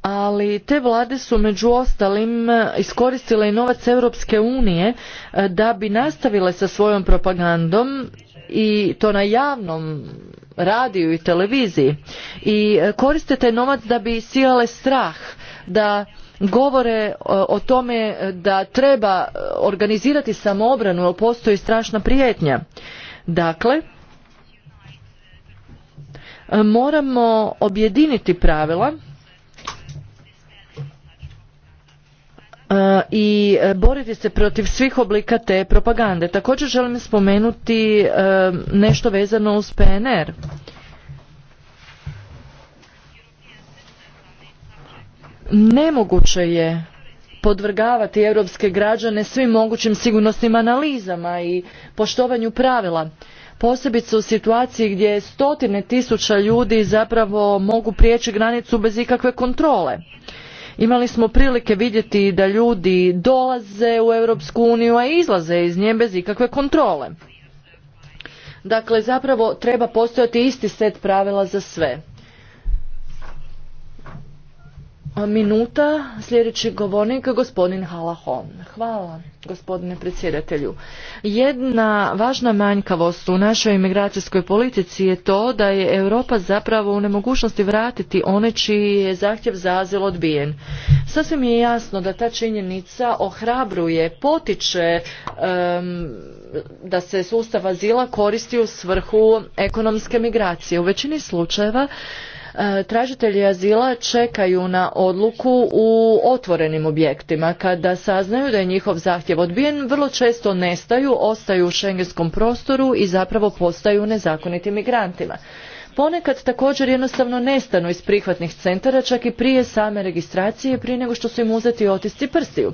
ali te vlade su među ostalim iskoristile i novac Europske unije e, da bi nastavile sa svojom propagandom i to na javnom radiju i televiziji i e, koriste taj novac da bi sijale strah da govore e, o tome da treba e, organizirati samoobranu jer postoji strašna prijetnja. Dakle, e, moramo objediniti pravila i boriti se protiv svih oblika te propagande. Također želim spomenuti nešto vezano uz PNR nemoguće je podvrgavati europske građane svim mogućim sigurnosnim analizama i poštovanju pravila posebice u situaciji gdje stotine tisuća ljudi zapravo mogu prijeći granicu bez ikakve kontrole imali smo prilike vidjeti da ljudi dolaze u europsku uniju a izlaze iz nje bez ikakve kontrole dakle zapravo treba postojati isti set pravila za sve minuta. Sljedeći govornik gospodin Halahon. Hvala gospodine predsjedatelju. Jedna važna manjkavost u našoj imigracijskoj politici je to da je Europa zapravo u nemogućnosti vratiti one čiji je zahtjev za azil odbijen. Sasvim je jasno da ta činjenica ohrabruje, potiče da se sustav azila koristi u svrhu ekonomske migracije. U većini slučajeva E, tražitelji azila čekaju na odluku u otvorenim objektima. Kada saznaju da je njihov zahtjev odbijen, vrlo često nestaju, ostaju u šengenskom prostoru i zapravo postaju nezakonitim migrantima. Ponekad također jednostavno nestanu iz prihvatnih centara čak i prije same registracije prije nego što su im uzeti otisci prstiju.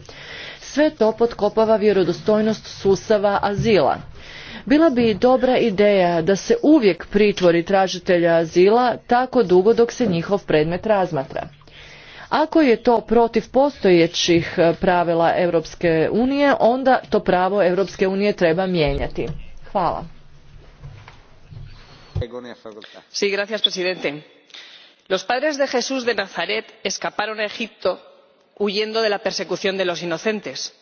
Sve to potkopava vjerodostojnost sustava azila. Bila bi dobra ideja da se uvijek pritvori tražitelja azila tako dugo dok se njihov predmet razmatra. Ako je to protiv postojećih e, pravila Europske unije, onda to pravo Europske unije treba mijenjati. Hvala. Sí, gracias, presidente. Los padres de Jesús de Nazaret escaparon a Egipto huyendo de la persecución de los inocentes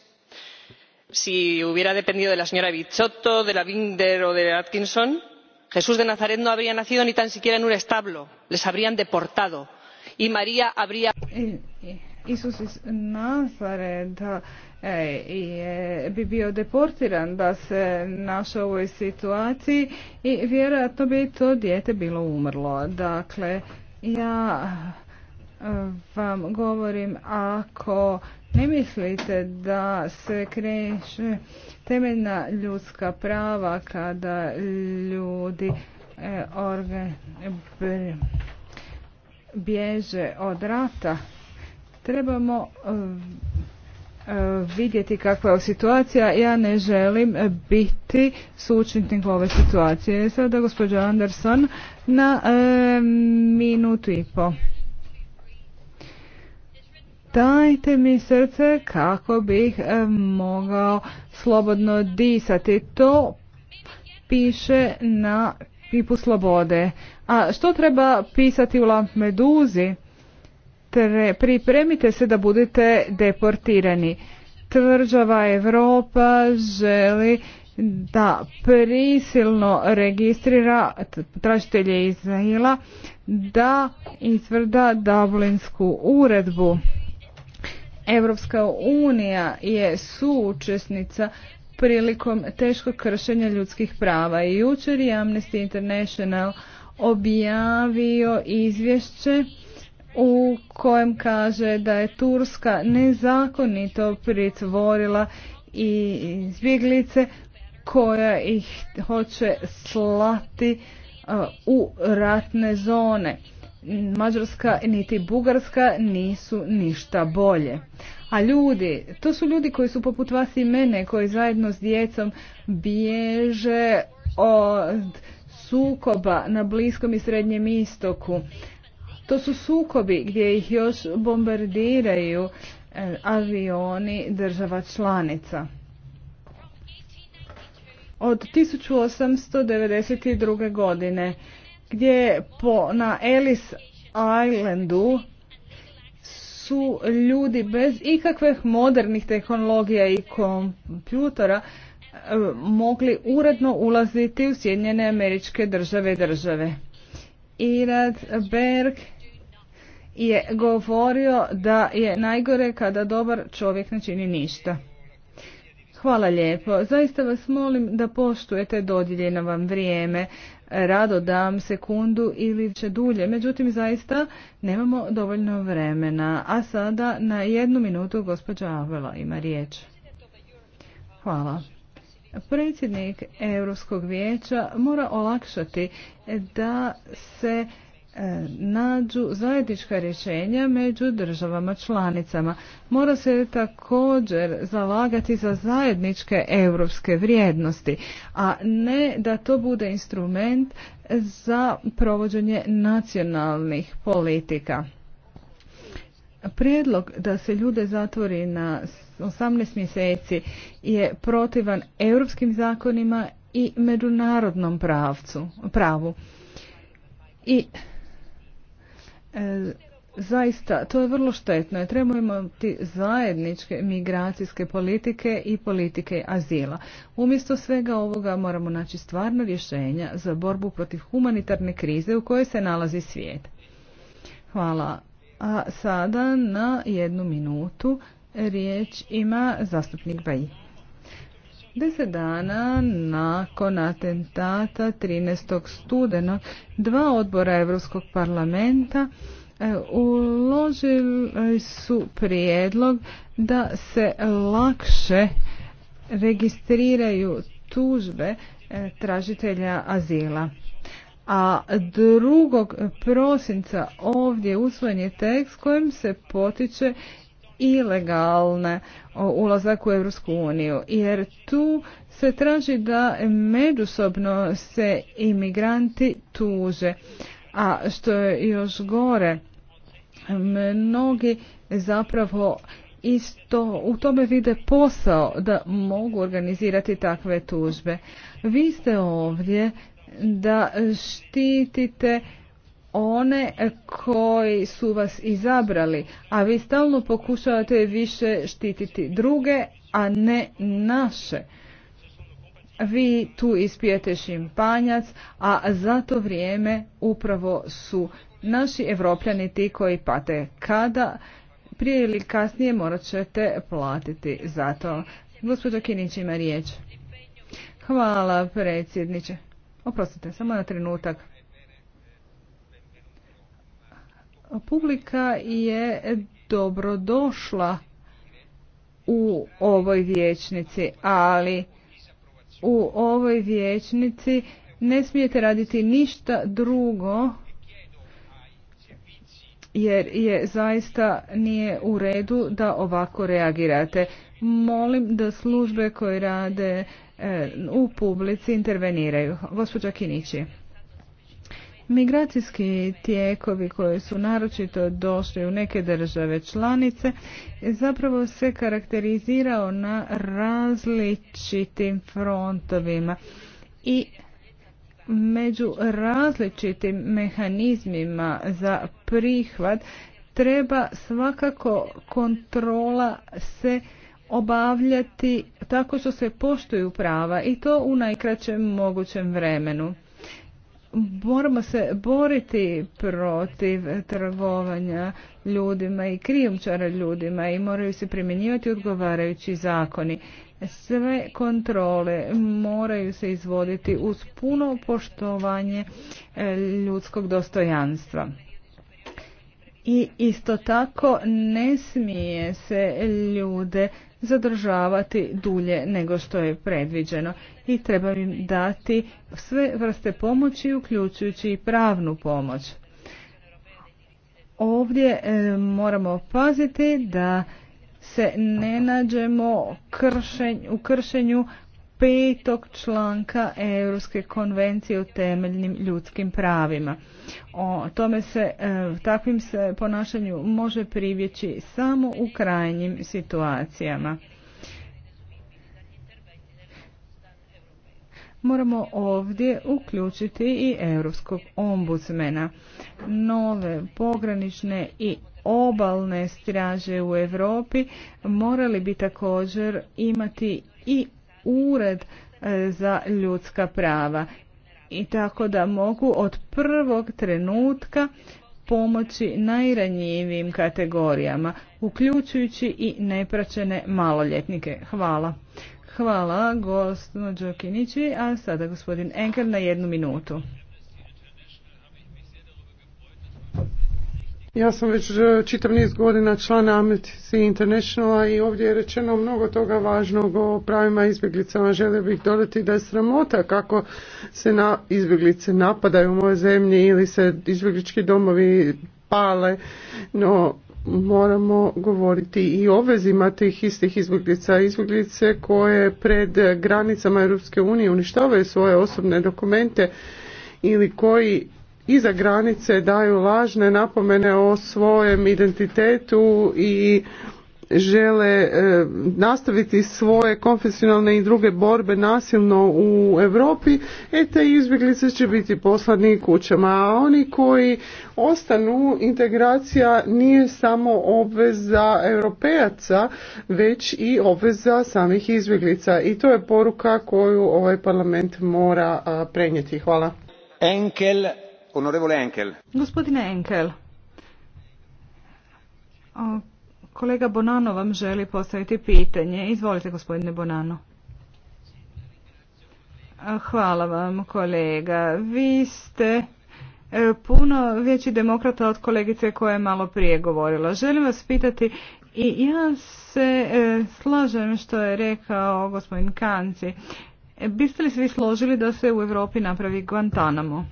si hubiera dependido de la señora bizzotto de binder o de atkinson jesús de nazaret no habría nacido ni tan siquiera en un establo les habrían deportado y maría habría. Isus iz Nazareta bi eh, eh, bio deportiran da se eh, našao u ovoj situaciji i vjerojatno bi to dijete bilo umrlo. Dakle, ja vam govorim ako ne mislite da se kreše temeljna ljudska prava kada ljudi e, bježe od rata? Trebamo e, e, vidjeti kakva je situacija. Ja ne želim biti sučnitnik ove situacije. Sada gospođa Anderson na minutu i po dajte mi srce kako bih e, mogao slobodno disati. To piše na pipu slobode. A što treba pisati u Lamp Meduzi? pripremite se da budete deportirani. Tvrđava Evropa želi da prisilno registrira tražitelje Zahila da izvrda Dublinsku uredbu. Evropska unija je suučesnica prilikom teškog kršenja ljudskih prava. I jučer je Amnesty International objavio izvješće u kojem kaže da je Turska nezakonito pritvorila i izbjeglice koja ih hoće slati u ratne zone. Mađarska niti Bugarska nisu ništa bolje. A ljudi, to su ljudi koji su poput vas i mene, koji zajedno s djecom bježe od sukoba na Bliskom i Srednjem istoku. To su sukobi gdje ih još bombardiraju e, avioni država članica. Od 1892. godine gdje po, na Ellis Islandu su ljudi bez ikakvih modernih tehnologija i kompjutora e, mogli uredno ulaziti u Sjedinjene američke države države. Irad Berg je govorio da je najgore kada dobar čovjek ne čini ništa. Hvala lijepo. Zaista vas molim da poštujete dodijeljeno vam vrijeme. Rado dam sekundu ili će dulje. Međutim, zaista nemamo dovoljno vremena. A sada na jednu minutu gospođa Avela ima riječ. Hvala. Predsjednik Europskog vijeća mora olakšati da se E, nađu zajednička rješenja među državama članicama. Mora se također zalagati za zajedničke europske vrijednosti, a ne da to bude instrument za provođenje nacionalnih politika. Prijedlog da se ljude zatvori na 18 mjeseci je protivan europskim zakonima i međunarodnom pravcu, pravu. I E, zaista, to je vrlo štetno. Trebamo imati zajedničke migracijske politike i politike azila. Umjesto svega ovoga moramo naći stvarno rješenja za borbu protiv humanitarne krize u kojoj se nalazi svijet. Hvala. A sada na jednu minutu riječ ima zastupnik Baji. Deset dana nakon atentata 13. studenog dva odbora Europskog parlamenta e, uložili su prijedlog da se lakše registriraju tužbe e, tražitelja azila. A drugog prosinca ovdje usvojen je tekst kojim se potiče ilegalne ulazak u Europsku uniju jer tu se traži da međusobno se imigranti tuže a što je još gore mnogi zapravo isto u tome vide posao da mogu organizirati takve tužbe vi ste ovdje da štitite one koji su vas izabrali, a vi stalno pokušavate više štititi druge, a ne naše. Vi tu ispijete šimpanjac, a za to vrijeme upravo su naši evropljani ti koji pate. Kada prije ili kasnije morat ćete platiti za to. Gospođo Kinić ima riječ. Hvala predsjedniče. Oprostite, samo na trenutak. publika je dobro došla u ovoj vječnici, ali u ovoj vječnici ne smijete raditi ništa drugo jer je zaista nije u redu da ovako reagirate. Molim da službe koje rade eh, u publici interveniraju. Gospođa Kinići. Migracijski tijekovi koji su naročito došli u neke države članice zapravo se karakterizirao na različitim frontovima i među različitim mehanizmima za prihvat treba svakako kontrola se obavljati tako što se poštuju prava i to u najkraćem mogućem vremenu moramo se boriti protiv trgovanja ljudima i krijumčara ljudima i moraju se primjenjivati odgovarajući zakoni. Sve kontrole moraju se izvoditi uz puno poštovanje e, ljudskog dostojanstva. I isto tako ne smije se ljude zadržavati dulje nego što je predviđeno i treba im dati sve vrste pomoći uključujući i pravnu pomoć. Ovdje e, moramo paziti da se ne nađemo u kršenju petog članka Europske konvencije o temeljnim ljudskim pravima. O tome se, e, takvim se ponašanju može privjeći samo u krajnjim situacijama. moramo ovdje uključiti i europskog ombudsmena. Nove pogranične i obalne straže u Europi morali bi također imati i ured e, za ljudska prava i tako da mogu od prvog trenutka pomoći najranjivijim kategorijama, uključujući i nepraćene maloljetnike. Hvala. Hvala, gospođo Kinići, a sada gospodin Enker na jednu minutu. Ja sam već e, čitav niz godina člana Amnesty International i ovdje je rečeno mnogo toga važnog o pravima izbjeglicama. Želio bih dodati da je sramota kako se na izbjeglice napadaju u moje zemlji ili se izbjeglički domovi pale, no moramo govoriti i o vezima tih istih izbjeglica. Izbjeglice koje pred granicama Europske unije uništavaju svoje osobne dokumente ili koji iza granice daju lažne napomene o svojem identitetu i žele e, nastaviti svoje konfesionalne i druge borbe nasilno u Europi, e te izbjeglice će biti poslani kućama. A oni koji ostanu, integracija nije samo obveza europejaca, već i obveza samih izbjeglica. I to je poruka koju ovaj parlament mora prenijeti. Hvala. Enkel Enkel. Gospodine Enkel, kolega Bonano vam želi postaviti pitanje. Izvolite gospodine Bonano. Hvala vam kolega. Vi ste e, puno veći demokrata od kolegice koja je malo prije govorila. Želim vas pitati i ja se e, slažem što je rekao gospodin Kanci. E, biste li svi složili da se u Europi napravi Guantanamo?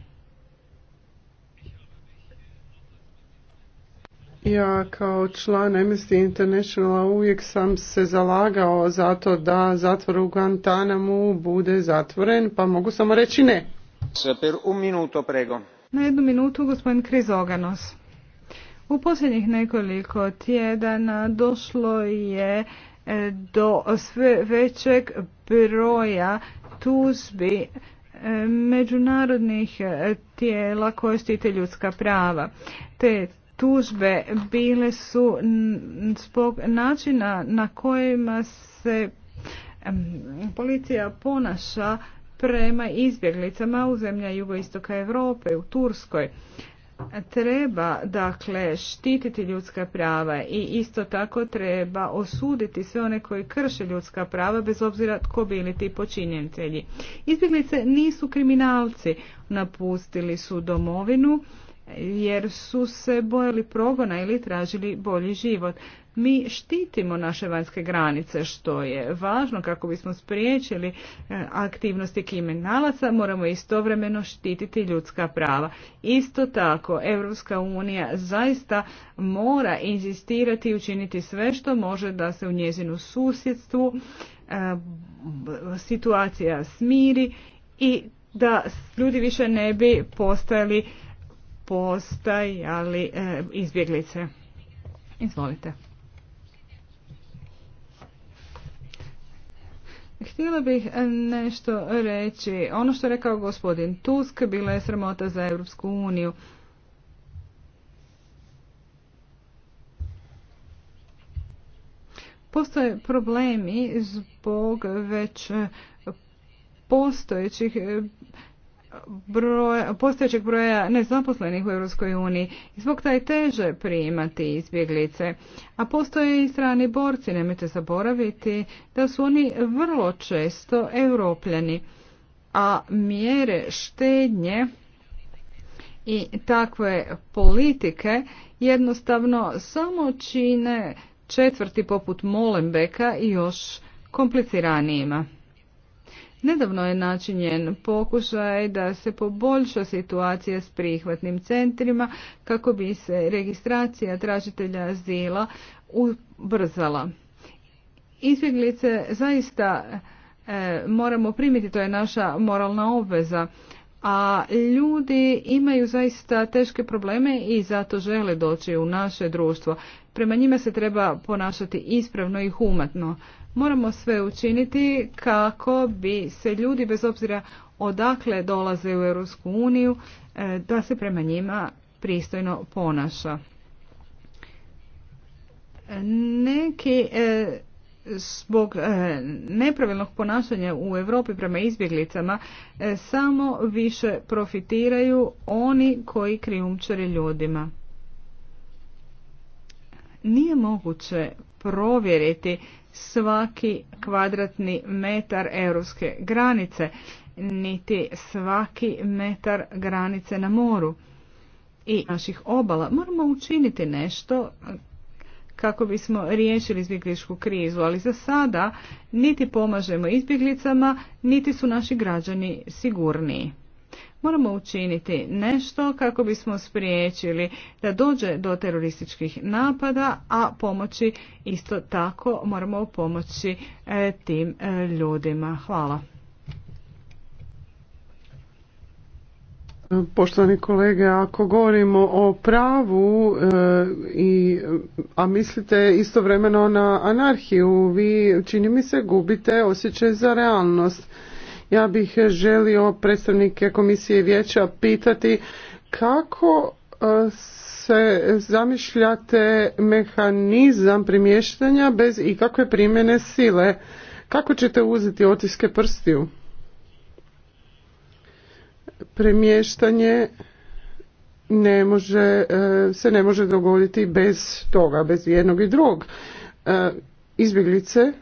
Ja kao član Amnesty Internationala uvijek sam se zalagao za to da zatvor u Guantanamu bude zatvoren, pa mogu samo reći ne. minuto, Na jednu minutu gospodin Krizoganos. U posljednjih nekoliko tjedana došlo je e, do sve većeg broja tužbi e, međunarodnih e, tijela koje štite ljudska prava. Te tužbe bile su zbog načina na kojima se policija ponaša prema izbjeglicama u zemlja jugoistoka Europe, u Turskoj. Treba dakle štititi ljudska prava i isto tako treba osuditi sve one koji krše ljudska prava bez obzira tko bili ti počinjenitelji. Izbjeglice nisu kriminalci, napustili su domovinu jer su se bojali progona ili tražili bolji život. Mi štitimo naše vanjske granice, što je važno kako bismo spriječili e, aktivnosti kriminalaca, moramo istovremeno štititi ljudska prava. Isto tako, Europska unija zaista mora inzistirati i učiniti sve što može da se u njezinu susjedstvu e, situacija smiri i da ljudi više ne bi postali postajali e, izbjeglice. Izvolite. Htjela bih e, nešto reći. Ono što je rekao gospodin Tusk bila je sramota za Europsku uniju. Postoje problemi zbog već postojećih e, broja, postojećeg broja nezaposlenih u Europskoj uniji. Zbog taj teže primati izbjeglice. A postoje i strani borci, nemojte zaboraviti da su oni vrlo često europljani. A mjere štednje i takve politike jednostavno samo čine četvrti poput Molenbeka i još kompliciranijima. Nedavno je načinjen pokušaj da se poboljša situacija s prihvatnim centrima kako bi se registracija tražitelja azila ubrzala. Izbjeglice zaista e, moramo primiti, to je naša moralna obveza, a ljudi imaju zaista teške probleme i zato žele doći u naše društvo. Prema njima se treba ponašati ispravno i humatno. Moramo sve učiniti kako bi se ljudi, bez obzira odakle dolaze u Europsku uniju, e, da se prema njima pristojno ponaša. Neki e, zbog e, nepravilnog ponašanja u Europi prema izbjeglicama samo više profitiraju oni koji krijumčare ljudima. Nije moguće provjeriti svaki kvadratni metar europske granice, niti svaki metar granice na moru i naših obala. Moramo učiniti nešto kako bismo riješili izbjegličku krizu, ali za sada niti pomažemo izbjeglicama, niti su naši građani sigurniji. Moramo učiniti nešto kako bismo spriječili da dođe do terorističkih napada, a pomoći isto tako moramo pomoći e, tim e, ljudima. Hvala. Poštovani kolege, ako govorimo o pravu, e, i, a mislite istovremeno na anarhiju, vi čini mi se gubite osjećaj za realnost. Ja bih želio predstavnike komisije vijeća pitati kako e, se zamišljate mehanizam primještanja bez ikakve primjene sile. Kako ćete uzeti otiske prstiju? Premještanje ne može, e, se ne može dogoditi bez toga, bez jednog i drugog. E, izbjeglice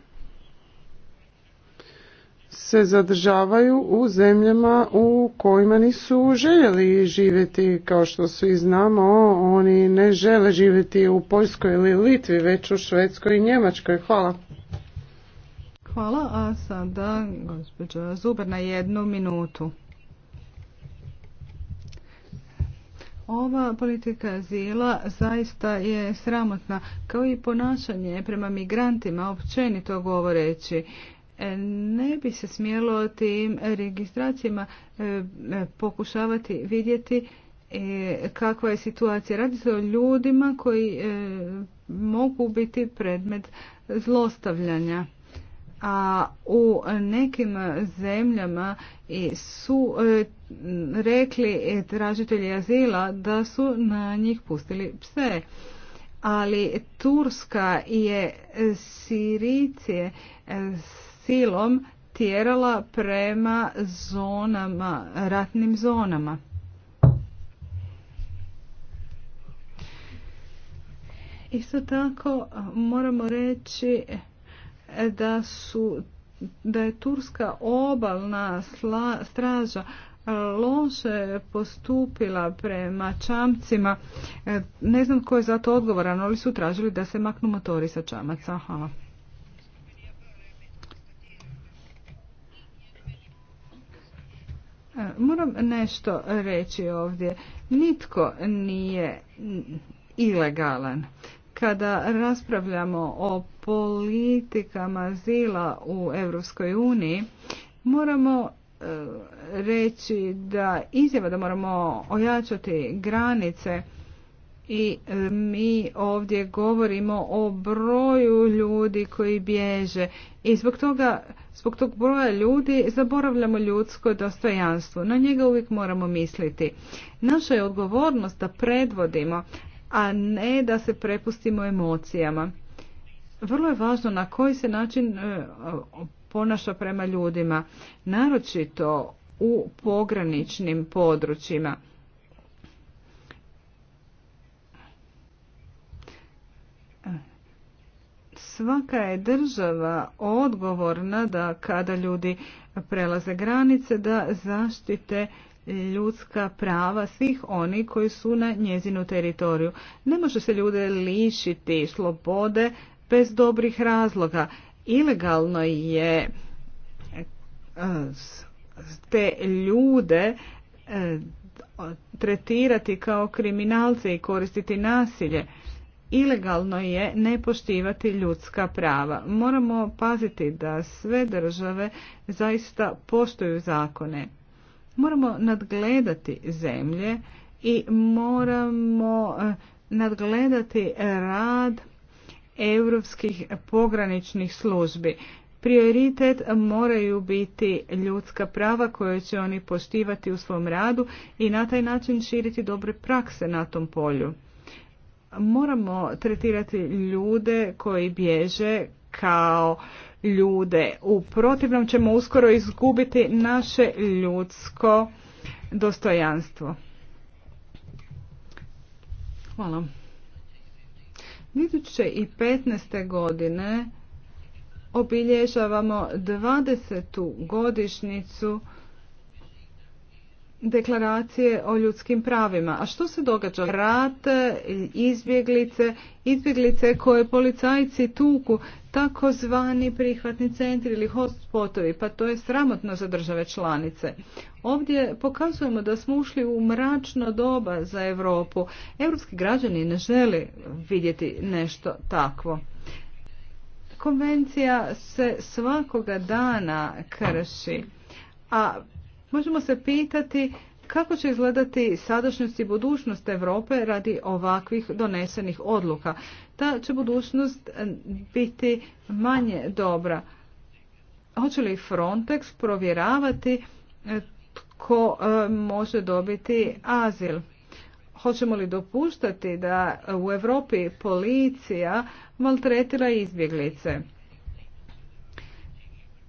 se zadržavaju u zemljama u kojima nisu željeli živjeti. Kao što svi znamo, oni ne žele živjeti u Poljskoj ili Litvi, već u Švedskoj i Njemačkoj. Hvala. Hvala, a sada gospođa Zuber na jednu minutu. Ova politika azila zaista je sramotna, kao i ponašanje prema migrantima, općenito govoreći. E, ne bi se smjelo tim registracijama e, e, pokušavati vidjeti kakva je situacija. Radi se o ljudima koji mogu biti predmet zlostavljanja. A u nekim zemljama su rekli tražitelji azila da su na njih pustili pse. Ali Turska je Sirice silom tjerala prema zonama, ratnim zonama. Isto tako moramo reći da su da je turska obalna straža e, loše postupila prema čamcima. E, ne znam tko je za to odgovoran, ali su tražili da se maknu motori sa čamaca. Hvala. Moram nešto reći ovdje. Nitko nije ilegalan. Kada raspravljamo o politikama zila u Europskoj uniji, moramo e, reći da izjava da moramo ojačati granice i e, mi ovdje govorimo o broju ljudi koji bježe i zbog toga Zbog tog broja ljudi zaboravljamo ljudsko dostojanstvo, na njega uvijek moramo misliti. Naša je odgovornost da predvodimo, a ne da se prepustimo emocijama. Vrlo je važno na koji se način e, ponaša prema ljudima, naročito u pograničnim područjima. svaka je država odgovorna da kada ljudi prelaze granice da zaštite ljudska prava svih oni koji su na njezinu teritoriju. Ne može se ljude lišiti slobode bez dobrih razloga. Ilegalno je eh, te ljude eh, tretirati kao kriminalce i koristiti nasilje ilegalno je ne poštivati ljudska prava. Moramo paziti da sve države zaista poštuju zakone. Moramo nadgledati zemlje i moramo eh, nadgledati rad europskih pograničnih službi. Prioritet moraju biti ljudska prava koje će oni poštivati u svom radu i na taj način širiti dobre prakse na tom polju moramo tretirati ljude koji bježe kao ljude. U protivnom ćemo uskoro izgubiti naše ljudsko dostojanstvo. Hvala. 2015. godine obilježavamo 20. godišnicu deklaracije o ljudskim pravima. A što se događa? Rat, izbjeglice, izbjeglice koje policajci tuku, takozvani prihvatni centri ili hotspotovi, pa to je sramotno za države članice. Ovdje pokazujemo da smo ušli u mračno doba za Europu. Europski građani ne žele vidjeti nešto takvo. Konvencija se svakoga dana krši, a Možemo se pitati kako će izgledati sadašnjost i budućnost Europe radi ovakvih donesenih odluka. Ta će budućnost eh, biti manje dobra. Hoće li Frontex provjeravati eh, tko eh, može dobiti azil? Hoćemo li dopuštati da u Europi policija maltretira izbjeglice?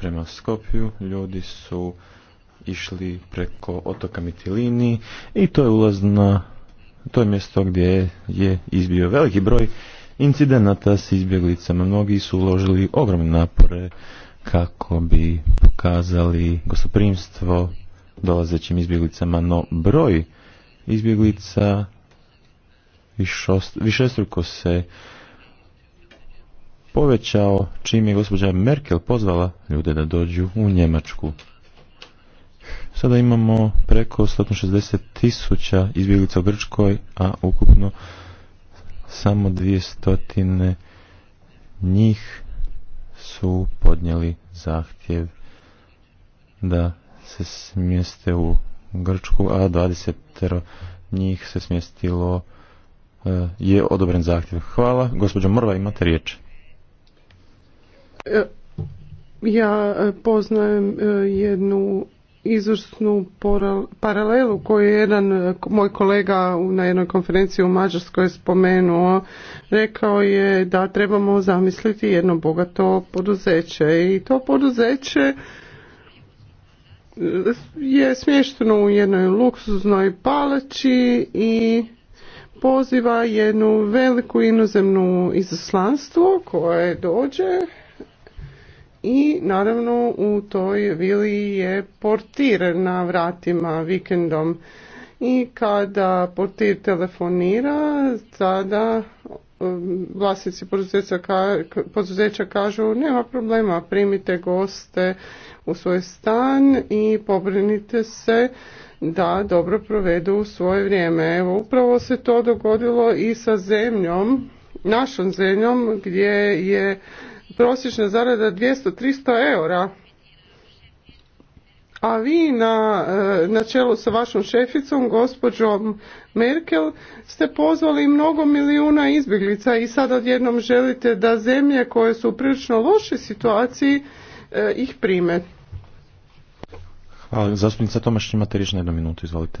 prema Skopju, ljudi su išli preko otoka Mitilini i to je na to je mjesto gdje je izbio veliki broj incidenata s izbjeglicama. Mnogi su uložili ogromne napore kako bi pokazali gostoprimstvo dolazećim izbjeglicama, no broj izbjeglica višestruko se povećao čim je gospođa Merkel pozvala ljude da dođu u Njemačku. Sada imamo preko 160 tisuća izbjeglica u Grčkoj, a ukupno samo stotine njih su podnijeli zahtjev da se smjeste u Grčku, a 20 njih se smjestilo e, je odobren zahtjev. Hvala. Gospođo Morva, imate riječ. E, ja e, poznajem e, jednu izvrsnu paralelu koju je jedan moj kolega na jednoj konferenciji u Mađarskoj spomenuo. Rekao je da trebamo zamisliti jedno bogato poduzeće i to poduzeće je smješteno u jednoj luksuznoj palači i poziva jednu veliku inozemnu izaslanstvo koje dođe i naravno u toj vili je portir na vratima vikendom i kada portir telefonira tada um, vlasnici poduzeća, poduzeća kažu nema problema, primite goste u svoj stan i pobrinite se da dobro provedu svoje vrijeme. Evo, upravo se to dogodilo i sa zemljom, našom zemljom gdje je prosječna zarada 200-300 eura. A vi na, eh, na čelu sa vašom šeficom, gospođom Merkel, ste pozvali mnogo milijuna izbjeglica i sad odjednom želite da zemlje koje su u prilično lošoj situaciji eh, ih prime. Hvala. Zastupnica Tomaš, imate riječ na jednu minutu, izvolite.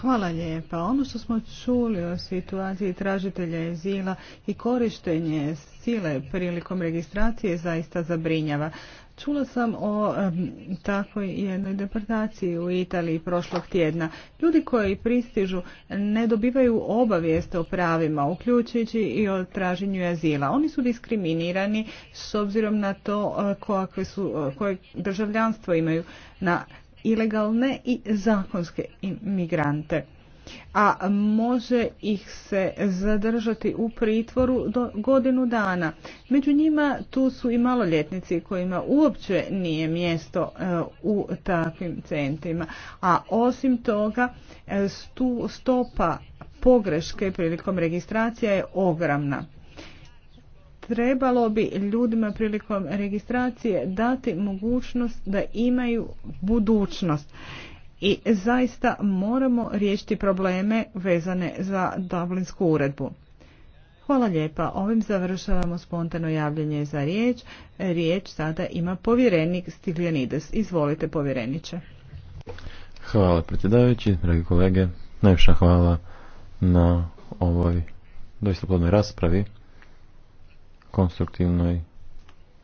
Hvala lijepa. Ono što smo čuli o situaciji tražitelja azila i korištenje sile prilikom registracije zaista zabrinjava. Čula sam o takvoj jednoj deportaciji u Italiji prošlog tjedna. Ljudi koji pristižu ne dobivaju obavijeste o pravima, uključujući i o traženju azila. Oni su diskriminirani s obzirom na to e, e, koje državljanstvo imaju na ilegalne i zakonske imigrante a može ih se zadržati u pritvoru do godinu dana. Među njima tu su i maloljetnici kojima uopće nije mjesto e, u takvim centrima, a osim toga e, stopa pogreške prilikom registracija je ogromna trebalo bi ljudima prilikom registracije dati mogućnost da imaju budućnost. I zaista moramo riješiti probleme vezane za Dublinsku uredbu. Hvala lijepa. Ovim završavamo spontano javljanje za riječ. Riječ sada ima povjerenik Stiglianides. Izvolite povjereniče. Hvala predsjedavajući, dragi kolege. Najviša hvala na ovoj doista raspravi konstruktivnoj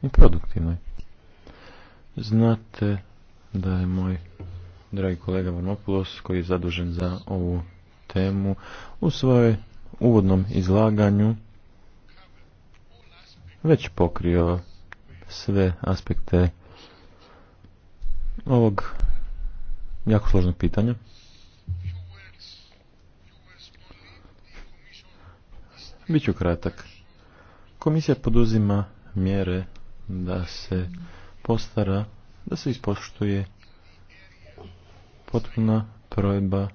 i produktivnoj. Znate da je moj dragi kolega Varmopulos koji je zadužen za ovu temu u svojoj uvodnom izlaganju već pokrio sve aspekte ovog jako složnog pitanja. Biću kratak. Komisija poduzima mjere da se postara da se ispoštuje potpuna projba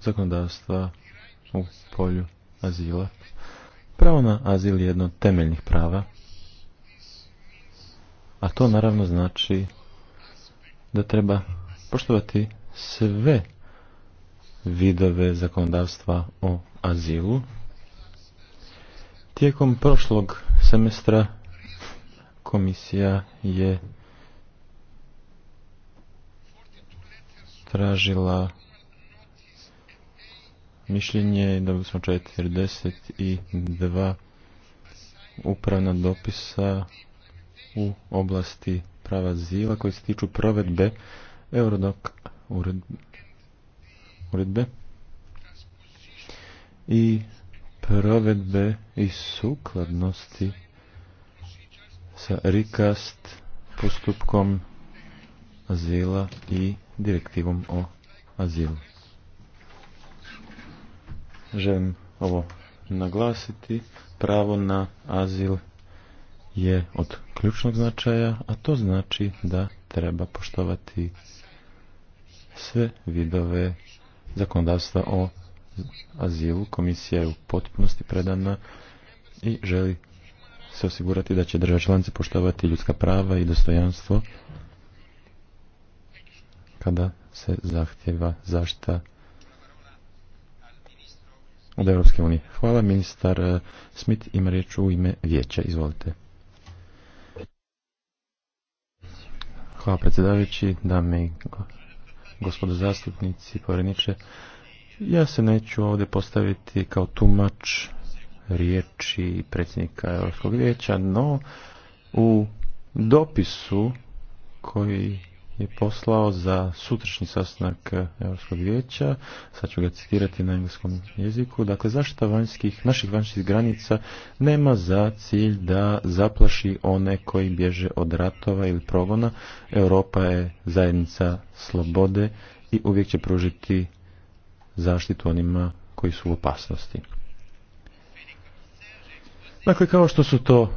zakonodavstva u polju azila. Pravo na azil je jedno od temeljnih prava, a to naravno znači da treba poštovati sve vidove zakonodavstva o azilu, Tijekom prošlog semestra komisija je tražila mišljenje, dobili smo 42 upravna dopisa u oblasti prava zila koji se tiču provedbe Eurodok uredbe i provedbe i sukladnosti sa rikast postupkom azila i direktivom o azilu. Želim ovo naglasiti. Pravo na azil je od ključnog značaja, a to znači da treba poštovati sve vidove zakonodavstva o azilu komisija je u potpunosti predana i želi se osigurati da će države članice poštovati ljudska prava i dostojanstvo kada se zahtjeva zašta od Europske unije. Hvala, ministar eh, Smith ima riječ u ime vijeća. Izvolite. Hvala predsjedavajući, dame i gospodo zastupnici, povredniče. Ja se neću ovdje postaviti kao tumač riječi predsjednika Europskog vijeća, no u dopisu koji je poslao za sutrašnji sastanak Europskog vijeća, sad ću ga citirati na engleskom jeziku, dakle zaštita vanjskih, naših vanjskih granica nema za cilj da zaplaši one koji bježe od ratova ili progona. Europa je zajednica slobode i uvijek će pružiti zaštitu onima koji su u opasnosti. Dakle, kao što su to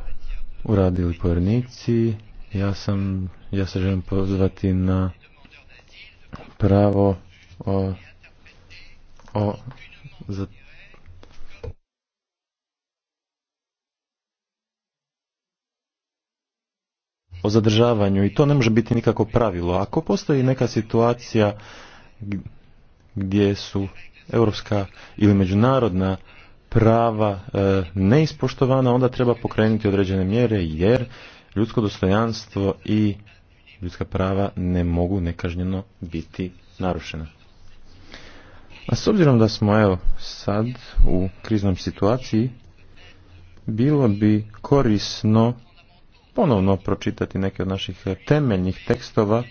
uradili povjernici, ja, sam, ja se želim pozvati na pravo o, o za, o zadržavanju i to ne može biti nikako pravilo. Ako postoji neka situacija gdje su europska ili međunarodna prava e, neispoštovana, onda treba pokrenuti određene mjere jer ljudsko dostojanstvo i ljudska prava ne mogu nekažnjeno biti narušena. A s obzirom da smo evo sad u kriznom situaciji, bilo bi korisno ponovno pročitati neke od naših temeljnih tekstova,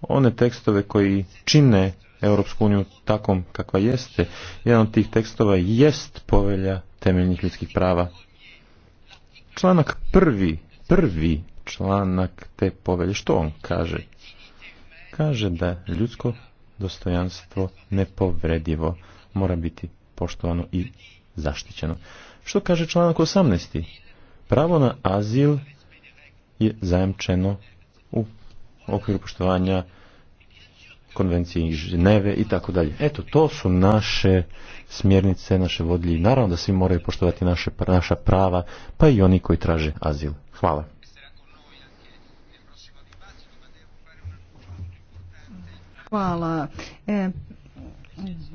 one tekstove koji čine Europsku uniju takom kakva jeste. Jedan od tih tekstova jest povelja temeljnih ljudskih prava. Članak prvi, prvi članak te povelje, što on kaže? Kaže da ljudsko dostojanstvo nepovredivo mora biti poštovano i zaštićeno. Što kaže članak 18. Pravo na azil je zajamčeno u okviru poštovanja konvencije iz Ženeve i tako dalje. Eto, to su naše smjernice, naše vodlje i naravno da svi moraju poštovati naše, naša prava, pa i oni koji traže azil. Hvala. Hvala. E...